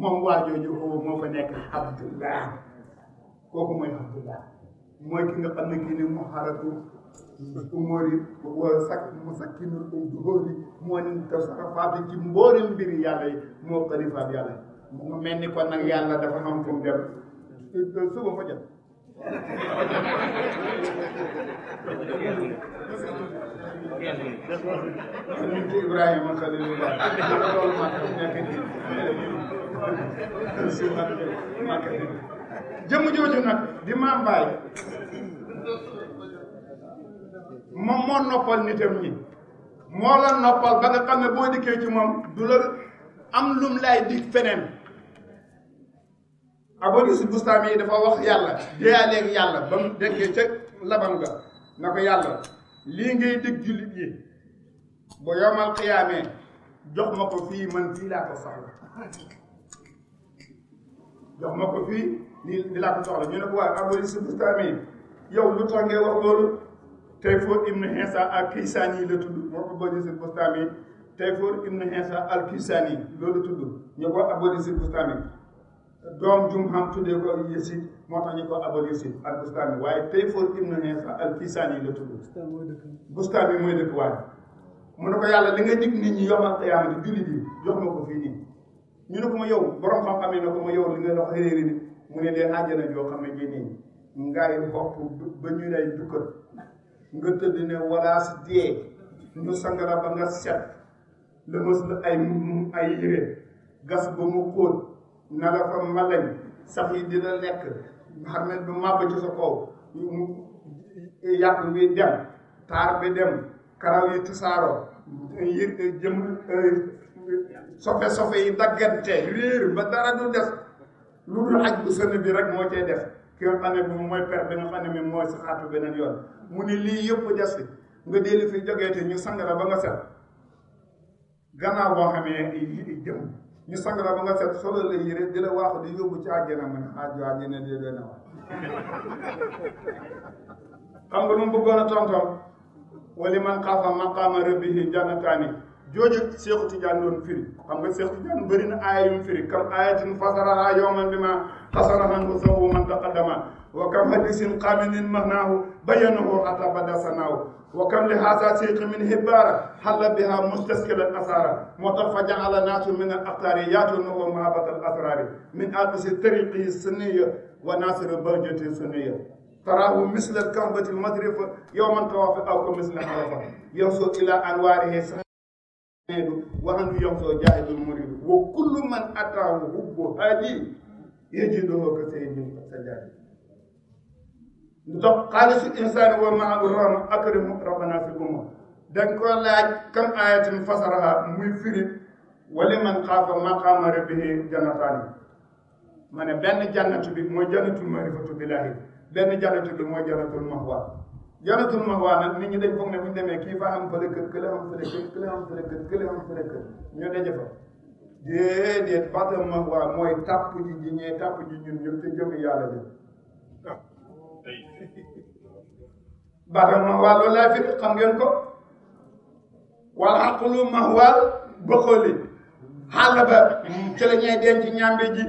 moom waa jooju moo fa nekk abdullah kooku mooy abdullah mooy ki nga xam ne kii ne muharatu umuri sak musakkinu duhóori moo nin tasarrafaati ci mboori mbiri yàlla yi moo xalifaat yàlla mu mel ni kon nag yàlla dafa xam fu mu suba ma jot ñun ci ma nekk ci jooju nag di maam Baay moom moo noppal nitam ñi moo la noppal ba nga xam ne boo dikkee ci moom du la am lum lay dig feneen Aboulis Bustaami yi dafa wax yàlla déeyaleeg yàlla ba mu déggee ca labam nga na ko yàlla lii ngay dégg jullit yi ba yomal xiyaamee jox ma ko fii man fii laa ko soxla jox ma ko fii nii laa ko soxla ñu ne ko waaye Aboulis Bustaami yow lu tax wax loolu Tayfur ibn Hinsa al-Kisani la tudd moom Aboodisir Bustami Tayfur ibn Hinsa al-Kisani loolu tudd ñu ko Aboodisir Bustami doom jum xam tuddee ko si moo tax ñu ko Aboodisir al-Bustami waaye Tayfur ibn Hinsa al-Kisani la tudd. Bustami mooy dëkk waay mu ne ko yàlla li nga dig nit ñi yomal qiyaama di julli bi jox ma ko fii nii ñu ne ko ma yow borom xam-xam yi ne ko ma yow li nga dox réeri ni mu ne leen àjjana joo xam ne ji nii ngaay bopp ba ñu lay dukkat nga tëdd ne walaas dee ñu sangara ba nga set lëmas la ay ay yére gas ba mu xóot na la fa malañ sax dina lekk xarmet bi màbb ci sa kaw mu yàq wi dem taar bi dem karaw yi tasaaroo yë jëm sofe sofe yi ba dara du des lu dul aj bu sën rek moo cay def ki nga xam ne moom mooy per bi nga xam mooy sa xaatu beneen yoon mu ne lii yëpp jasi nga dellu fi jógeete ñu sang la ba nga set gannaaw boo xamee jëm ñu sang la ba nga set solo la yére di la di yóbbu ci àjjana mu ne aajo àjjana dee doy na wax xam nga lu mu bëggoon a tontom wali man xaafa maqaama rabbihi jannataani jooju Seexu Tijaan doon firi xam nga Seexu Tijaan bëri na aaya mu firi kam ayatin fasaraha yawman bi ma حصر من وثو من تقدم وكم حديث قامن مهناه بينه حتى بدا سناه وكم لهذا سيق من هبار حل بها مستسكر الأسارة وقد على ناس من الأقطاريات وهو مهبة الأسرار من آبس الطريق السنية وناس البرجة السنية تراه مثل الكهبة المدرفة يوما توافق مثل حلفة ينصر إلى أنواره سنة وأن جاهد المريد وكل من أتاه حب هادي yajiduhu kasayyin min sajjaad lu tax xaalisu insaani wa maabu rahma akrim rabbana fi umma dañ ko laaj kam ayatin fasaraha muy firi wali man xaafa maqaama rabbihi jannataani ma ne benn jannatu bi mooy jannatul marifatu billahi benn jannatu bi mooy jannatul mahwa jannatul mahwa nag nit ñi dañ foog ne bu ñu demee kii fa am fële kër kële am fële kër kële am fële kër kële am déedéet fatama waaw mooy tàpp ji ji ñee tàpp ji ñun ñëpp te jëm yàlla de batama waa loolu laa fi xam ngeen ko wal aqlu mahwal boqoli xàll ba ci la ñuy denc ñàmbe ji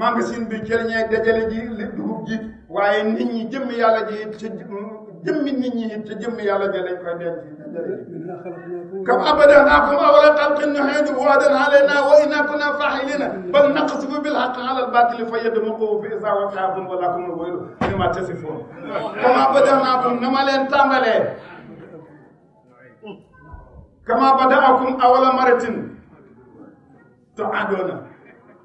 magasin bi ci ni ñuy dajale ji li dugub ji waaye nit ñi jëm yàlla ji ci jëmmi nit ñi it te jëmmi yàlla ja lañ koy denc كم أبدا أناكم أول خلق نعيد وعدا علينا وإنا كنا فاعلين بل نقصف بالحق على الباطل فيدمقه في إساوة حاكم ولكم الويل لما تصفون كم أبدا أناكم نما لين تعملي كما بدأكم أول مرة تعادون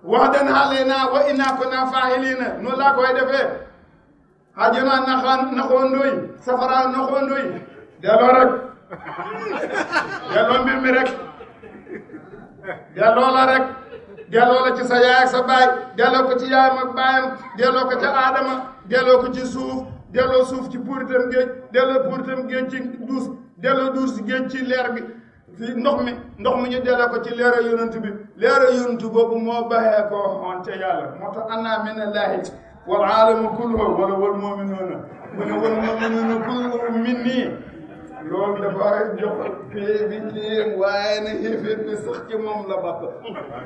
وعدا علينا وإنا كنا فاعلين نولا كوي دفه hajona naxaan naxoon safara naxoon ndooy delloo rek delloo mbir rek delloo la rek delloo la ci sa yaay sa baay delloo ko ci yaayam ak baayam delloo ko ca aadama delloo ko ci suuf delloo suuf ci puuritam géej delloo puuritam géej ci duus delloo duus géej ci leer bi fi ndox mi ndox mi ñu delloo ko ci leer yonent bi leero yonent boobu moo baxee koo xoon ca yàlla moo tax annaa minallaahi والعالم كله ولو المؤمنون ولو المؤمنون كلهم مني لوك دا فاي جوخ بي بي تي واي انا هيفر بي سخ كي موم لا باك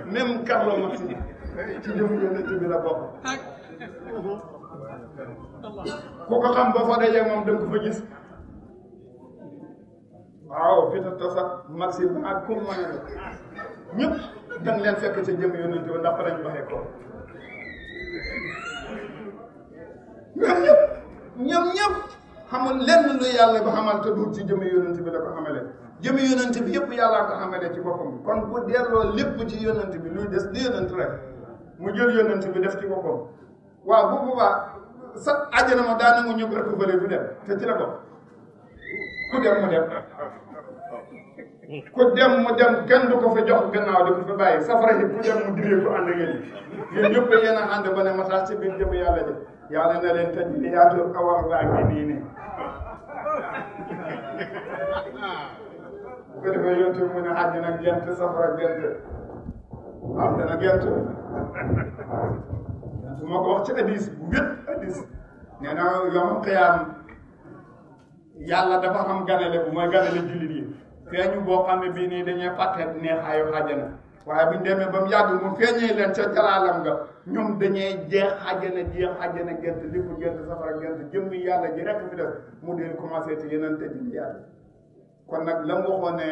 ميم كارلو ماكسي تي ديم يونت بي كوكا خام با فا داي موم دنگ فا جيس واو فيتا تاسا ماكسي ما كوم نيب نيب دنگ لين فك تي ديم يونت ñoom ñëpp ñoom ñëpp xamul lenn lu yàlla ba xamal te du ci jëme yonent bi la ko xamale jëme yonent bi yëpp yàllaa ko xamale ci boppam kon bu delloo lépp ci yonent bi luy des di rek mu jël yonent bi def ci boppam waaw bu boobaa sa àjjana ma daa nangu ñëpp rek bële du dem te ci la ko ku dem mu dem ku kenn du ko fa jox gannaaw di ko fa bàyyi safara yi ku dem mu diree ko ànd ngeen yéen ñëpp yéen a ànd ba ne ma tax ci biir jëm yàlla jëm yàlla na leen tajliyaatu kawar baa ngi nii ne bu ko defee yonte mu ne àjj na gent safara gent am dana gent bu ma ko wax ci hadis bu wét hadis nee na yom xiyaam yàlla dafa am ganale bu mooy ganale jullit yi feeñu boo xam ne bii nii dañuy fàtte neexaayu àjjana waaye bu ñu demee ba mu yàgg mu feeñee leen ca jalaalam nga ñoom dañuy jeex àjjana jeex àjjana gent lépp gent safara gent jëmmi yàlla ji rekk fi mu dee commencé ci yeneen tëj yàlla kon nag lam mu waxoon ne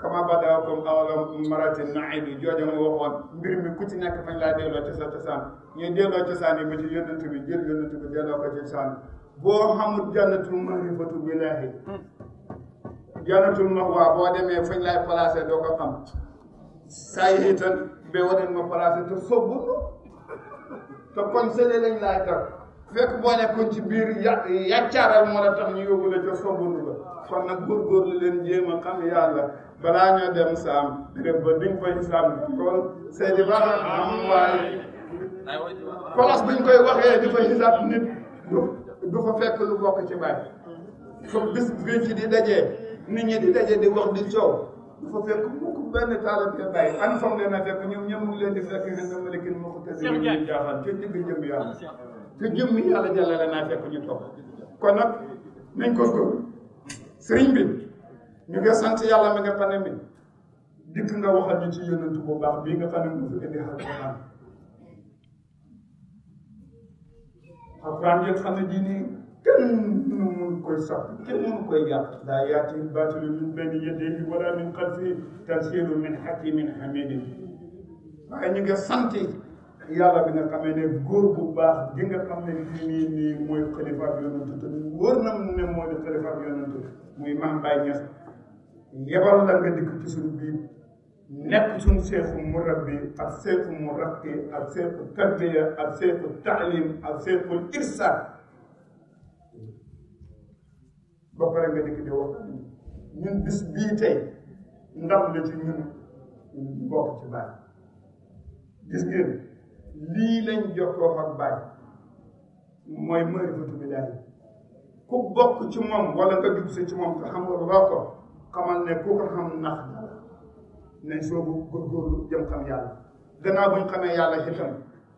kama badaakum awwala maratin na'idu jooja mu waxoon mbir mi ku ci nekk fañ laa delloo ci sa cosaan ñuy delloo cosaan yi ba ci yonent bi jël yonent bi delloo ko ci cosaan boo xamul jannatul mahrifatu billahi jannatul mahwa boo demee fañ la placé doo sayi tan ɓe waɗanma placé to sobbuɗo to conseillé lañ laaj tan fekk boo nekkoon ci biir ya yaccaaral moo la tax ñu yóbbu la ca sobbuɗu ba góor nag góorgóorlu leen jéem a xam yàlla balaa ñoo dem saam dem ba diñ koy saam kon Seydi Bara am waaye place buñ koy waxee di fa xisaab nit du du fa fekk lu bokk ci bàyyi foofu bis bi ci di dajee nit ñi di daje di wax di coow dafa fekk mukk benn taalibe bàyyi an fam leen a fekk ñoom ñoom mu ngi leen di fekk nga na malikin ma ko tëdd jaaxaan ca digg yàlla te jëmmi naa fekk ñu toog kon nag nañ ko góor sëriñ bi ñu ngi sant yàlla mi nga xam ne mi dikk nga waxal ñu ci yonantu bu baax bii nga xam ne mu fi indi alquran alquran jël xam ne ji nii kenn mënu koy sàpp kenn mënu koy yàq laa yaati min bayni yadayhi min xalfihi min hakiimin hamiid waaye ñu ngi bi nga xamee ne góor bu baax gi nga xam ne nii mooy xalifa bi yonent te wóor mooy xalifa bi muy Maam Baye Niass yebal la nga dikk ci suñu biir murabbi ak seexu murabbi ak seexu tarbiya ak seexu taalim ak seexu irsa ba pare nga dikk di wax ñun bis bii tey ndam la ci ñun ñu bokk ci bàyyi gis ngeen lii lañ jokkoo ak bàyyi mooy marifatu billaahi ku bokk ci moom wala nga jubsi ci moom te xamul loo ko xamal ne ku ko xam nax dala nañ soobu góorgóorlu jëm xam yàlla gannaaw buñ xamee yàlla itam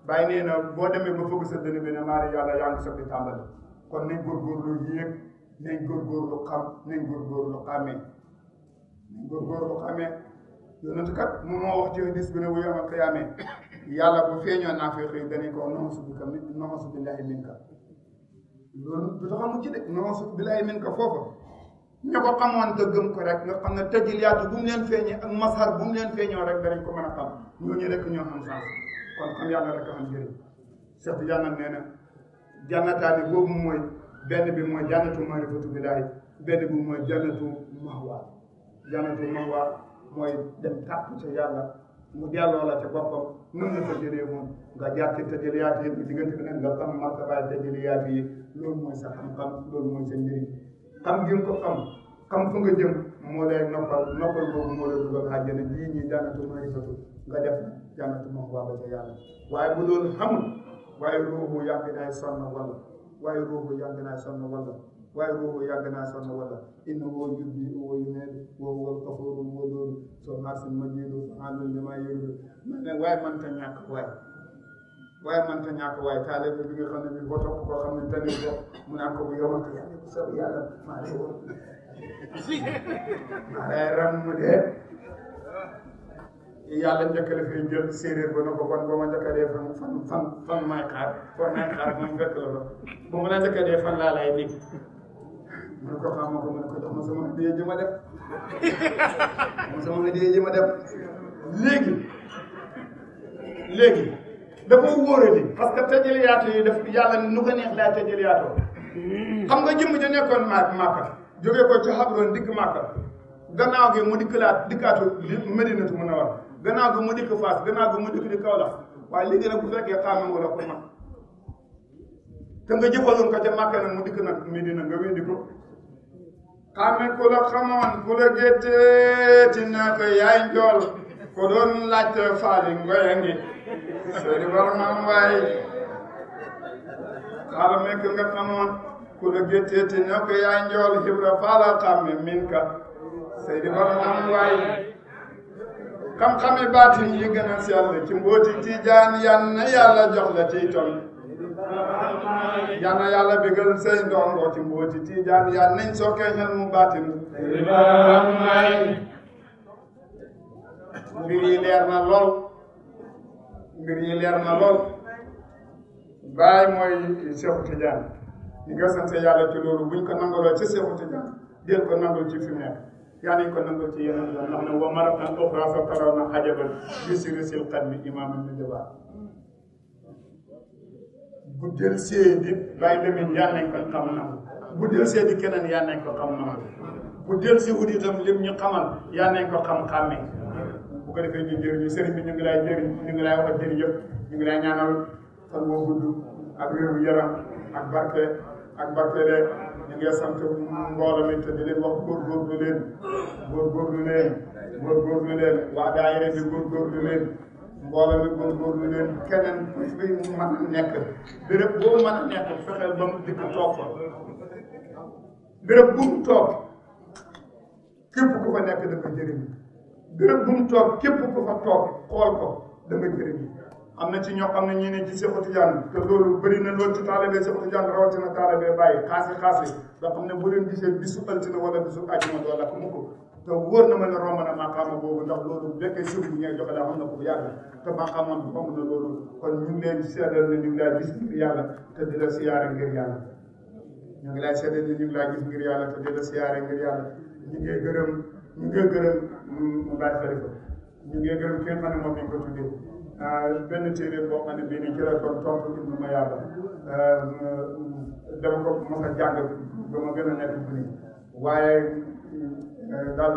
bàyyi nee na boo demee ba fëgg sa dënn bi ne maari yàlla yaa ngi soog di tàmbali kon nañ góorgóorlu yéeg nañ góorgóorlu xam nañ góorgóorlu xàmmee nañ góorgóorlu xàmmee yonent kat moom moo wax ci hadis bi ne bu yomal xiyaamee yàlla bu feeñoo naa fee xëy danañ ko noxasu bi kam noxasu billahi min ka loolu du tax a mucc de noxasu billahi min ka foofa ña ko xamoon te gëm ko rek nga xam ne tajiliyaatu bu mu leen feeñee ak masar bu mu leen feeñoo rek danañ ko mën a xam ñooñu rek ñoo xam sens kon xam yàlla rek a xam njëriñ Cheikh Diagne nee na jànnataani boobu mooy. benn bi mooy jannatu maarifatu billaahi benn bi mooy jannatu mahwa jannatu mahwa mooy dem tàpp ca yàlla mu delloo la ca boppam nun la fa jëlee moom nga jaar ci tajëliyaat yi diggante bi nag nga xam martabaay tajëliyaat yi loolu mooy sa xam-xam loolu mooy sa njëriñ nga ko xam xam fa nga moo lay noppal noppal boobu moo lay dugal àjjana jii ñi jannatu maarifatu nga ba ca yàlla waaye bu loolu xamul waaye ruubu yàq day sonn wala waaye ruuxu yàgg naa sonn wala waaye ruuxu yàgg naa sonn wala inna woo yubbi woo yumeet woo wal kafoorul woo dóoru soo marsin ma jiidu anul li maa yëglu man ne waaye man ta ñàkk waaye waaye man ta ñàkk waaye taale bi bi nga xam ne bi boo topp koo xam ne tamit ko mu naan ko bu yomante yàlla bu sab yàlla maa lay (laughs) maa lay mu dee yàlla njëkk la fay jël séeréer ba na ko kon a dee fan fan fan fan may xaar fan may xaar moom fekk la fa ba ma la njëkk a dee fan laa lay dégg mu ko xam ma ko mu ne ko jox ma sama addiya ji ma def ma sama addiya ji ma def léegi léegi dafa wóoradi parce que tëjël yaatu yi daf yàlla nu ko neex laa tëjël yaatoo xam nga jëmm ja nekkoon ma màkka jógee ko ci xabroon dikk màkka gannaaw gi mu dikk laat dikkaatu Madinatu Munawwara a ga mu dëkk Fass gannaaw ga mu dëkk di Kaolack waaye léegi nag bu fekkee xaamam wala ko man te nga jëfaloon ko ca Màkka nag mu dikk nag Medina nga wéndi ko xaame ku la xamoon ku la yaay njool ko laajte faali ngoya ngi seeri war maam waay xaame ku nga xamoon ku la gétteeti na yaay njool xibra faala xamme min ka seeri war maam waay xam-xami baatin yi gën a sell ci jaan tijaan yan na yàlla jox la ciy toll yan na yàlla bégal say ndongo ci mbooti tijaan yan nañ sokkee xel mu baatin mbir yi na lool mbir yi leer na lool baay mooy Seexu Tijaan ñi nga sant yàlla ci loolu buñ ko nangaloo ci Seexu Tijaan déel ko nangul ci fi mu yàlla nañ ko nangul ci yeneen ndax ne wa marat na oxra fa taraw na xajaban bi siri sil xat mi imaaman mi jëbaa bu del see di bàyyi demin yaa nañ ko xam na bu del see di keneen yaa nañ ko xam na bu del si wut itam lim ñu xamal yaa nañ ko xam-xàmme bu ko defee ñu jëriñu sëriñ bi ñu ngi lay jëriñ ñu ngi lay wax jëriñ yëpp ñu ngi lay ñaanal fan moo gudd ak wéru yaram ak barke ak barke de ngee sant mbooloo mi te di leen wax góorgóorlu leen góorgóorlu leen góorgóorlu leen waa daayira bi góorgóorlu leen mbooloo mi góorgóorlu leen keneen ku fi mën a nekk béréb boo mën a nekk fexeel ba mu dikk toog fa béréb bu toog képp ku fa nekk da nga bu mu toog képp ku fa toog xool ko da nga am na ci ñoo xam ne ñu ne ci Seexu Tijaan te loolu bëri na loolu ci taalibe Seexu Tijaan rawatina taalibe Baay xaasi xaasi nga xam ne bu leen gisee bisu altine wala bisu àjjuma doo lakk mukk te wóor na ma ne romb na maqaama boobu ndax loolu bu fekkee suuf bi ngay joxe daa xam na ko bu yàgg te maqaamam bi xam na loolu kon ñu ngi leen seedal ne ñu gis ngir yàlla te di la siyaare ngir yàlla ñu ngi lay seedal ne gis ngir yàlla te di la siyaare ngir yàlla ñu ngi gërëm ñu ngi gërëm mu laaj xalifa ñu ngi gërëm kenn xam ne moom lañ ko tuddee euh, benn téere boo xam ne ma yàlla euh, dama ba ma gën a nekk bu waaye euh, daal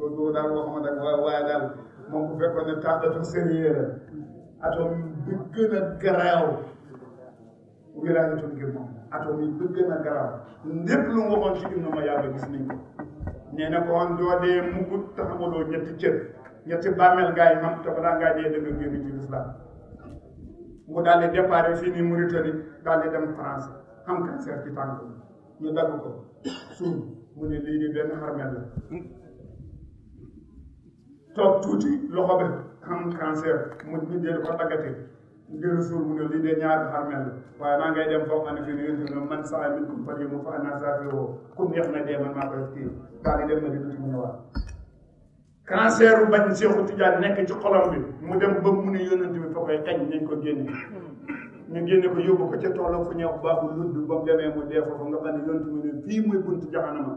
loolu daal boo xamante ne waaye daal moom bu fekkoon ne tàmbali sérieux bi gën a garaaw wilaayatul ngir moom atom yi bi gën garaaw lépp lu mu waxoon ci ibnu ma yàlla gis nañ nee na ko doo dee mukk taxawaloo ñetti cër ñetti bàmmeel ngaay mam te balaa ngaa dee danga génn ci lislaam mu daal di départ fii nii Mauritanie daal di dem France am cancer ci tànk ñu dagg ko suul mu ne lii nii benn armeel la toog tuuti loxo bi am cancer mu ñu jël ko daggate ngir suul mu ne lii de ñaari armeel la waaye maa ngay dem foog ne fii nii yéen a man kum fari na dee man maa koy kii daal di dem na di tuuti mu ñëwaat cancer bañ Seexu Tijaan nekk ci xolam bi mu dem ba mu ne yónnante bi fa koy xañ nañ ko génne ñu génne ko yóbbu ko ca toolam fu ñuy wax baaxul ludd ba mu demee mu dee foofu nga xam ne yontu mu ne fii muy buntu jaxanama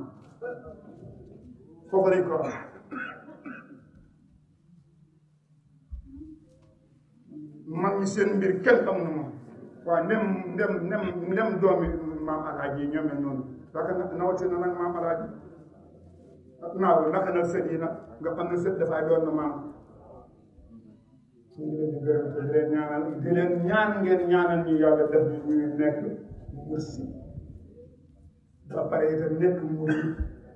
foofu lañ ko mag ñi seen mbir kenn xam na moom waaw ndem ndem ndem ndem doomi maam alaaji yi ñoo mel noonu parce que nawatina nag maam alaaji naaw naka nag sët yi nag nga xam ne dafay doon na maam ñu ngi leen di gërëm te di leen ñaanal di leen ñaan ngeen ñaanal ñu yàlla def ñu ñuy nekk mursi ba pare itam nekk muri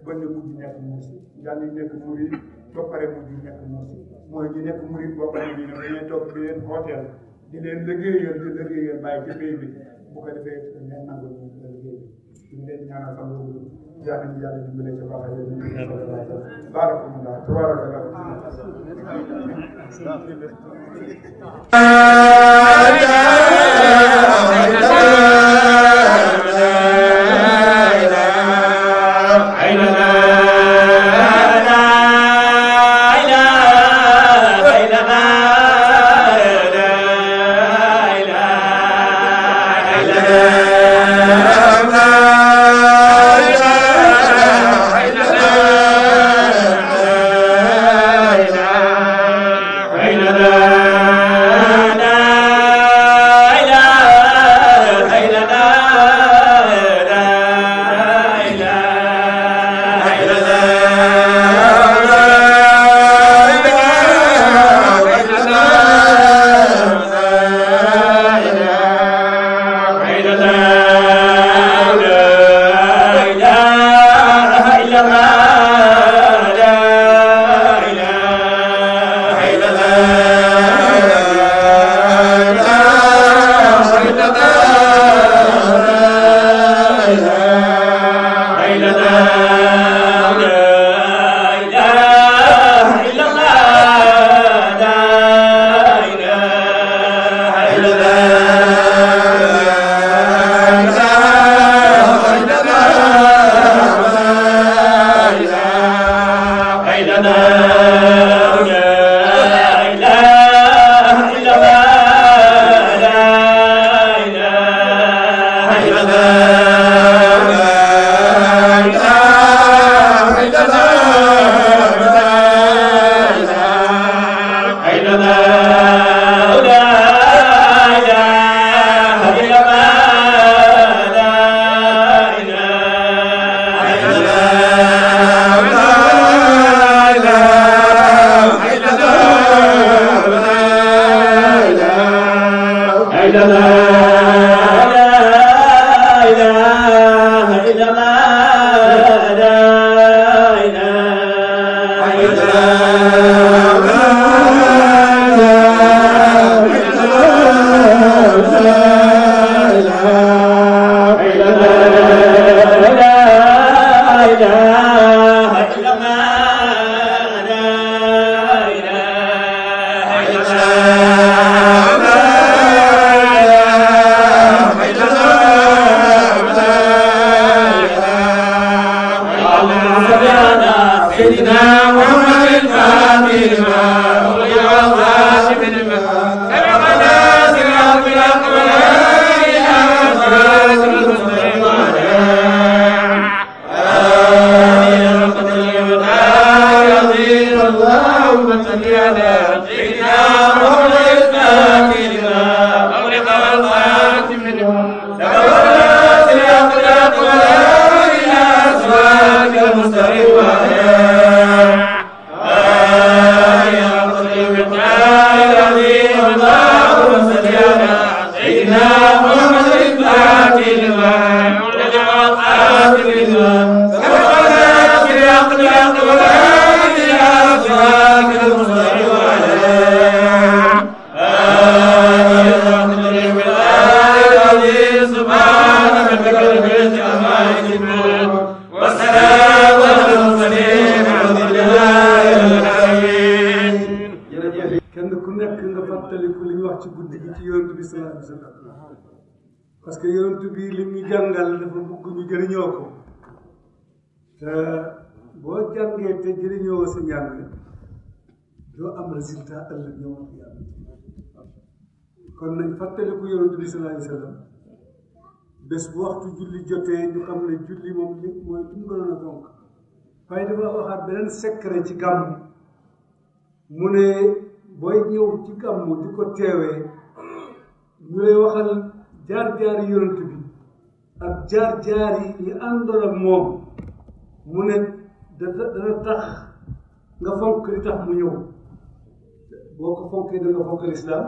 ba ñu mujj nekk mursi yàlla ñu nekk muri ba pare mujj nekk mursi mooy ñu nekk muri boo xam ñu ne dañuy toog di leen hotel di leen liggéeyal di liggéeyal bàyyi ci béy bi bu ko defee ngeen nangoo ñu liggéey bi ñu leen ñaanal xam nga yàlla ñu yàlla dimbale ci baax yi ñu ngi barakallah tabarakallah résultat ëllëg ñoom ak kon nañ fàttaliku yonent bi sallallahu alayhi wasallam bés bu waxtu julli jotee ñu xam ne julli moom lépp mooy li mu gënoon fonk waaye dafa waxaat beneen secret ci gàmm mu ne booy ñëw ci gàmm di ko teewee ñu lay waxal jaar-jaari yonent bi ak jaar-jaar yi ñu àndoon moom mu ne dana tax nga fonk li tax mu ñëw boo ko fonkee da nga fonk lislaam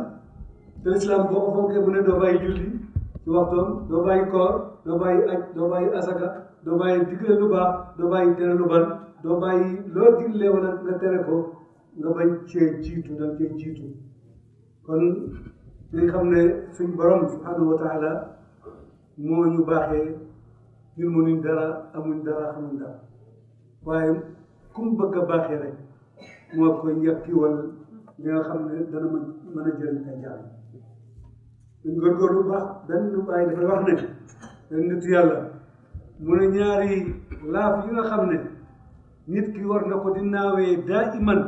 te lislaam boo ko fonkee mu ne doo bàyyi julli ci waxtoom doo bàyyi koor doo bàyyi aj doo bàyyi asaka doo bàyyi digle lu baax doo bàyyi tere lu ban doo bàyyi loo digle wala nga tere ko nga bañ cee jiitu da nga cee jiitu kon li xam ne suñ borom subhanahu wa taala moo ñu baaxee ñun mënuñ dara amuñ dara xamuñ dara waaye ku mu bëgg a baaxee rek moo koy yàkkiwal li nga ne dana mën mën a jëriñ ay jaam ñu góorgóorlu bu baax benn bàyyi dafay wax ne benn nit mu ne ñaari laaf yi nga xam ne nit ki war na ko di naawee daa iman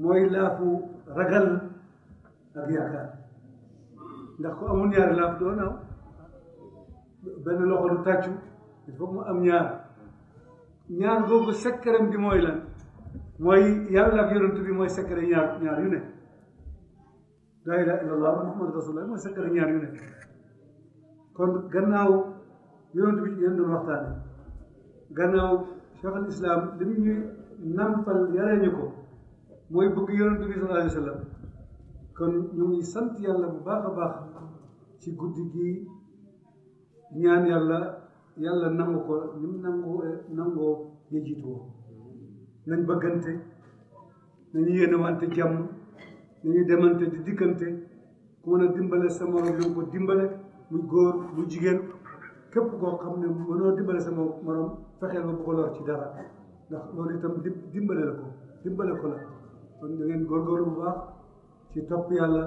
mooy laafu ragal ak yaakaar ndax ku amul ñaari laaf doo benn loxo du tàccu il faut mu am ñaar ñaar boobu sekkaram bi mooy mooy yàlla ak yonent bi mooy secret ñaar ñaar yu ne laa ilaha illallah muhammadu rasulullah mooy secret ñaar yu ne kon gannaaw yonent bi yéen doon waxtaane gannaaw cheikh al islam li mu ñuy nampal yaree ñu ko mooy bëgg yonent bi sallallahu alayhi wa sallam kon ñu ngi sant yàlla bu baax a baax ci guddi gi ñaan yàlla yàlla nangu ko ñu nangu nangoo ñu jiitu nañ bëggante nañu yéene wante jàmm nañu demante di dikkante ku mën a dimbale sa morom ko dimbale muy góor muy jigéen képp koo xam ne mënoo dimbale sama morom fexeel ba bu ko ci dara ndax loolu itam dimbale la ko dimbale ko la kon da ngeen góor bu baax ci topp yàlla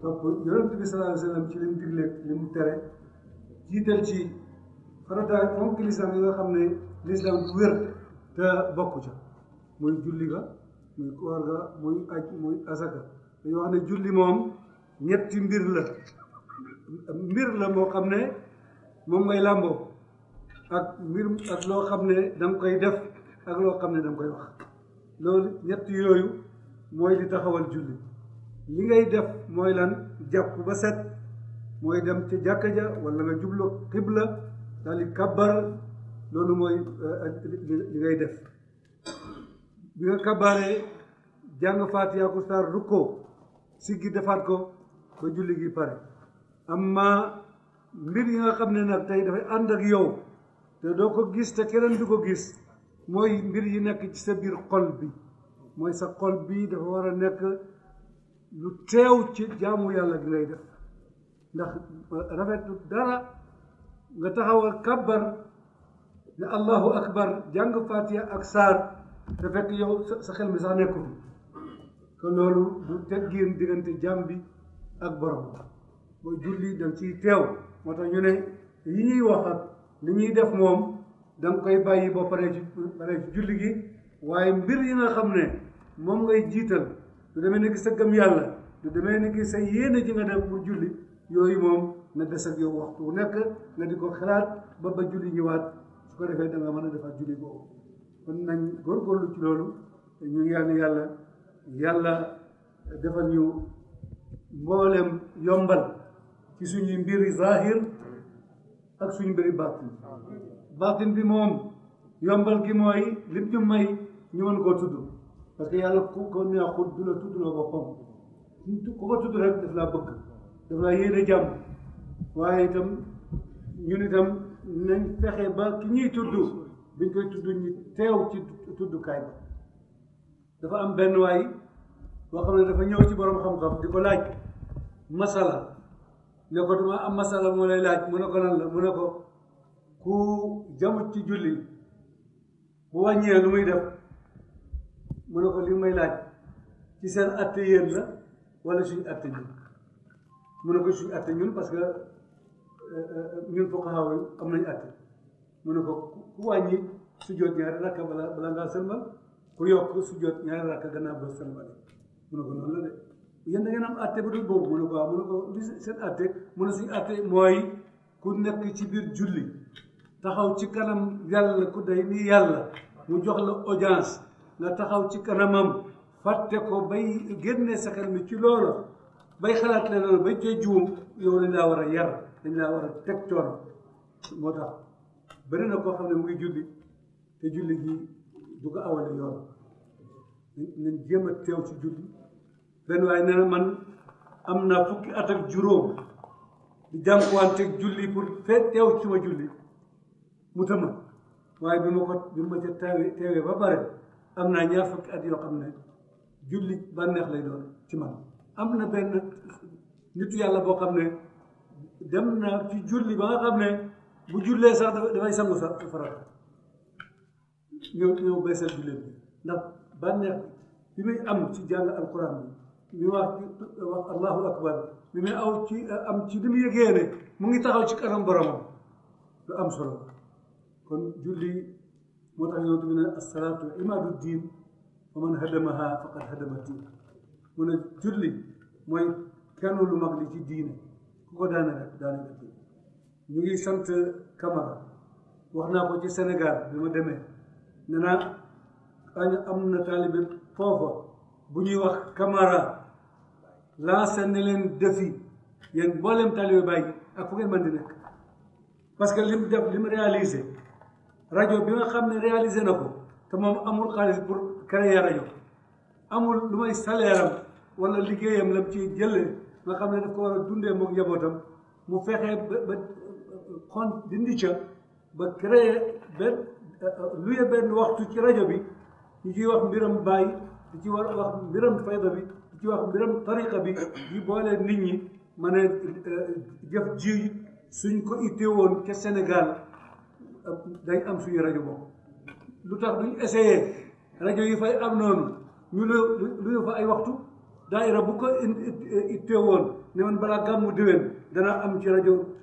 topp yonent ci li mu li mu tere jiital ci farata fonk lislaam yi nga xam ne lislaam bu te bokku ca muy julli ga muy koor ga muy aj muy asaka dañu wax ne julli moom ñetti mbir la mbir la moo xam ne moom ngay làmboo ak mbir ak loo xam ne danga koy def ak loo xam ne danga koy wax loolu ñetti yooyu mooy di taxawal julli li ngay def mooy lan jàpp ba set mooy dem ca jàkka ja wala nga jubloo xibla daal di kabbar loolu mooy euh, li ngay def bi nga kabaaree jàng faatiha ko saar rukkoo siggi defaat ko ba julli gi pare amma mbir yi nga xam ne nag tey dafay ànd ak yow te doo ko gis te keneen du ko gis mooy mbir yi nekk ci sa biir xol bi mooy sa xol bi dafa war a nekk lu teew ci jaamu yàlla gi ngay def ndax euh, rafetu dara nga taxawal a kabbar ne allahu akbar jàng faatiha ak saar te fekk yow sa xel mi sax nekkul ko loolu du teggin diggante jàmm bi ak borom booy julli da nga ciy teew moo tax ñu ne yi ñuy wax ak def moom danga koy bàyyi ba pare ci julli gi waaye mbir yi nga xam ne moom ngay jiital du demee ni ki sa gëm yàlla du demee ni ki sa yéene ji nga def pour julli yooyu moom na des ak yow waxtu nekk nga di ko xalaat ba ba julli waat su ko defee da nga mën a defaat julli boobu kon nañ góorgóorlu ci loolu te ñu yàlla yàlla yàlla defal ñu mboolem yombal ci suñuy mbiri zahir ak suñu mbiri baatin baatin bi moom yombal gi mooy lim ñu may ñu mën koo tudd parce que yàlla ku ko neexut du la tudd la boppam ku ko tudd rek daf laa bëgg daf yéene jàmm waaye itam ñun itam nañ fexe ba ki ñuy tudd biñ koy tudd ñi teew ci tuddukaay ba dafa am benn waay boo xam ne dafa ñëw ci borom xam-xam di ko laaj masala ne ko dama am masala moo lay laaj mu ne ko nan la mu ne ko ku jamut ci julli bu wàññee lu muy def mu ne ko li may laaj ci seen atte yéen la wala suñu atte ñun mu ne ko suñu atte ñun parce que euh, euh, ñun fuqahaa yi am nañu atte mu ne ko ku wàññi sujjoot ñaari rakka bala ngaa sëlmal ku yokk sujjoot ñaari rakka gannaaw ba sëlmale mu ne ko noonu la de yéen da ngeen am atte bu dul boobu mu ne ko waaw mu ne ko li seen atte mu ne suñu atte mooy ku nekk ci biir julli taxaw ci kanam yàlla ku day ni yàlla mu jox la audience nga taxaw ci kanamam fàtte ko bay génne sa xel mi ci loola bay xalaat la loolu bay yow dañ laa war a yar dañ laa war a teg coono moo tax bëri na koo xam ne muy ngi julli te julli gi du ko awale yoon nañ jéem a teew ci julli benn waaye nee man am naa fukki at ak juróom di jànkuwanteeg julli pour fee teew ci ma julli mu tëma waaye bi ma ko bi ma ca teewee ba pare am naa ñaar fukki at yoo xam ne julli bànneex lay doon ci man am na benn nitu yàlla boo xam ne dem na ci julli ba nga xam ne بجول لي سعد دفاي سمو سفر يو يو بس الجلد لا نعم، بان بما أم تجعل القرآن بما الله أكبر بما أو تي أم تدمي يجيني من يتعال تكرم برام بأم سر كن جولي متعين من الصلاة إما الدين ومن هدمها فقد هدم الدين من جولي ما كانوا لمغلي الدين كودانا دانا الدين ñu ngi sant Camara wax naa ko ci Sénégal bi ma demee ne naa am na taalibe foofa bu ñuy wax Camara lancé ne leen défi yéen mboolem taalibe bàyyi ak fu ngeen mën di nekk parce que lim def lim réalisé rajo bi nga xam ne réalisé na ko te moom amul xaalis pour créer rajo amul lu may salaire am wala liggéeyam lam ci jëlee nga xam ne daf ko war a dundee moom njabootam mu fexe ba kon dindi ca ba créer benn luye benn waxtu ci rajo bi ñu ciy wax mbiram bàyyi di ci wax mbiram fayda bi di ci wax mbiram tariqa bi di boole nit ñi ma eh, jëf ji suñ ko itte woon ca Sénégal day am suñu rajo boobu lu tax duñ essayé rajo yi fay am noonu ñu lu lu fa ay waxtu daayira bu ko itte woon ne man balaa gàmmu déwén dana am ci rajo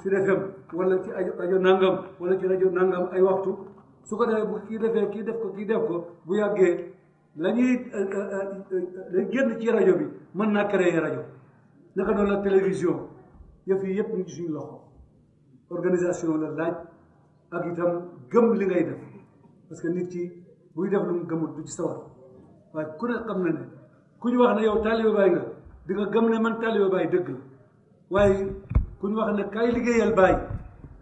Sud euh, FM wala ci rajo nangam wala ci rajo nangam ay waxtu su ko defee bu kii defee kii def ko kii def ko bu yàggee la ñuy la euh, euh, génn ci rajo bi mën naa créer rajo naka noonu la télévision yëf yi yëpp ñu ci suñu loxo organisation la laaj ak itam gëm li ngay def parce que nit ki buy def lu mu gëmut du ci sawar waaye ku ne xam na ne ku ñu wax ne yow taalibe baay nga di nga gëm ne man taalibe baay dëgg la كون واخنا كاي ليغي الباي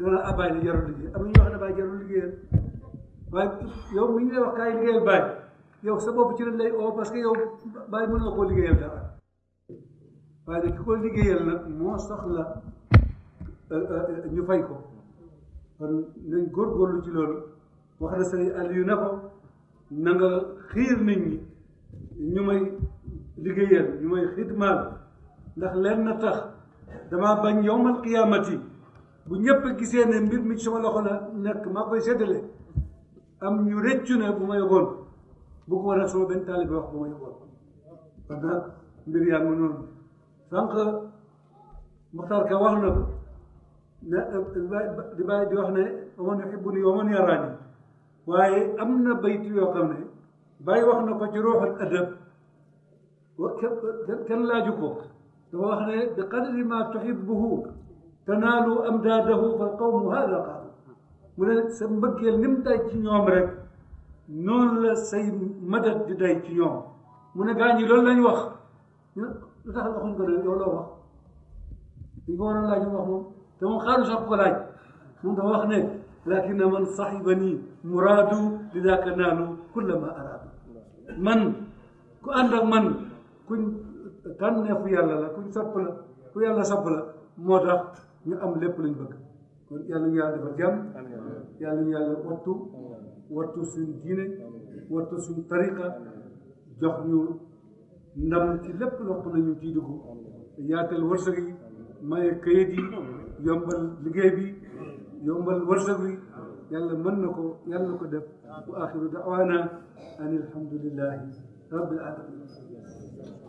انا اباي لي يارو ليغي اما ني واخنا باي يارو ليغي باي يو مي ني واخ كاي ليغي الباي يو سبب تي لن لاي او باسكو يو باي مون لاكو ليغي يال دار باي دي كول ليغي يال مو سخلا ني فاي كو كون نين غور سري ال يونافو نانغا خير نيني ني ماي ليغي خدمه ndax len dama bañ yowmal qiyaamati bu ñëpp gisee ne mbir mi sama loxo la nekk maa koy séddale am ñu rëccu ne bu ma yóbboon bu ko nag sama benn taalibe wax bu ma yóbboon kon nag mbir yaa ngi noonu sànq Muxtaar Ka wax na ko ne di bàyyi di wax ne waman yuhibbuni waman yaraani waaye am na bayt yoo xam ne bàyyi wax na ko ci ruuxul adab wa kenn laaju ko احنا بقدر ما تحبه تنال امداده فالقوم هذا قالوا ولا سمبك يلم دايتي نيوم رك نون سي مدد دايتي يوم من غاني لول لا يوخ لتاخ لا خون غدل يولو واخ يقول الله جي واخ موم تمام خالو شاف كو لاج لكن من صاحبني مراد لذاك نالو كل ما اراد من كو عندك من كنت tànneefu yàlla la kuñ sopp la ku yàlla sopp la moo tax ñu am lépp luñ bëgg kon yàlla ñu yàlla defal jàmm yàlla ñu yàlla wattu wattu suñ diine wattu suñ tariqa jox ñu ndam ci lépp loo xam ne ñu ciy dugg yaatal wërsëg yi maye këyit yi yombal liggéey bi yombal wërsëg yi yàlla mën na ko yàlla na ko def wa axiru da'waana an alhamdulillahi rabbil alamin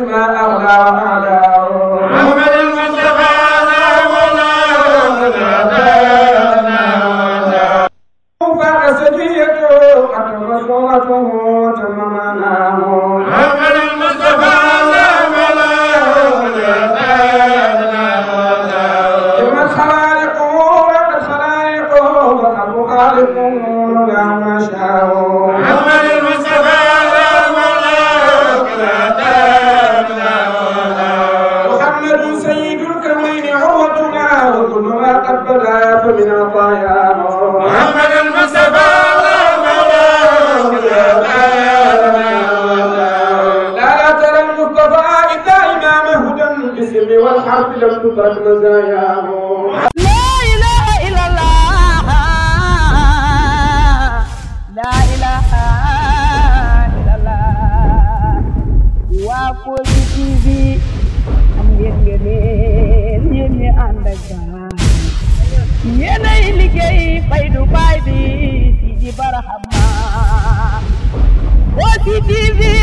ما أغنى وما عبدا تطرد مزاياه لا إله إلا الله لا إله إلا الله وقل تيبي am ngeen ngeen yéen ñi ànd ak gaal yéenay liggéey fay du baay bi si di barahama OTTV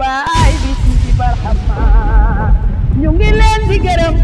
baay bi ci barxama ñu ngi leen di gërëm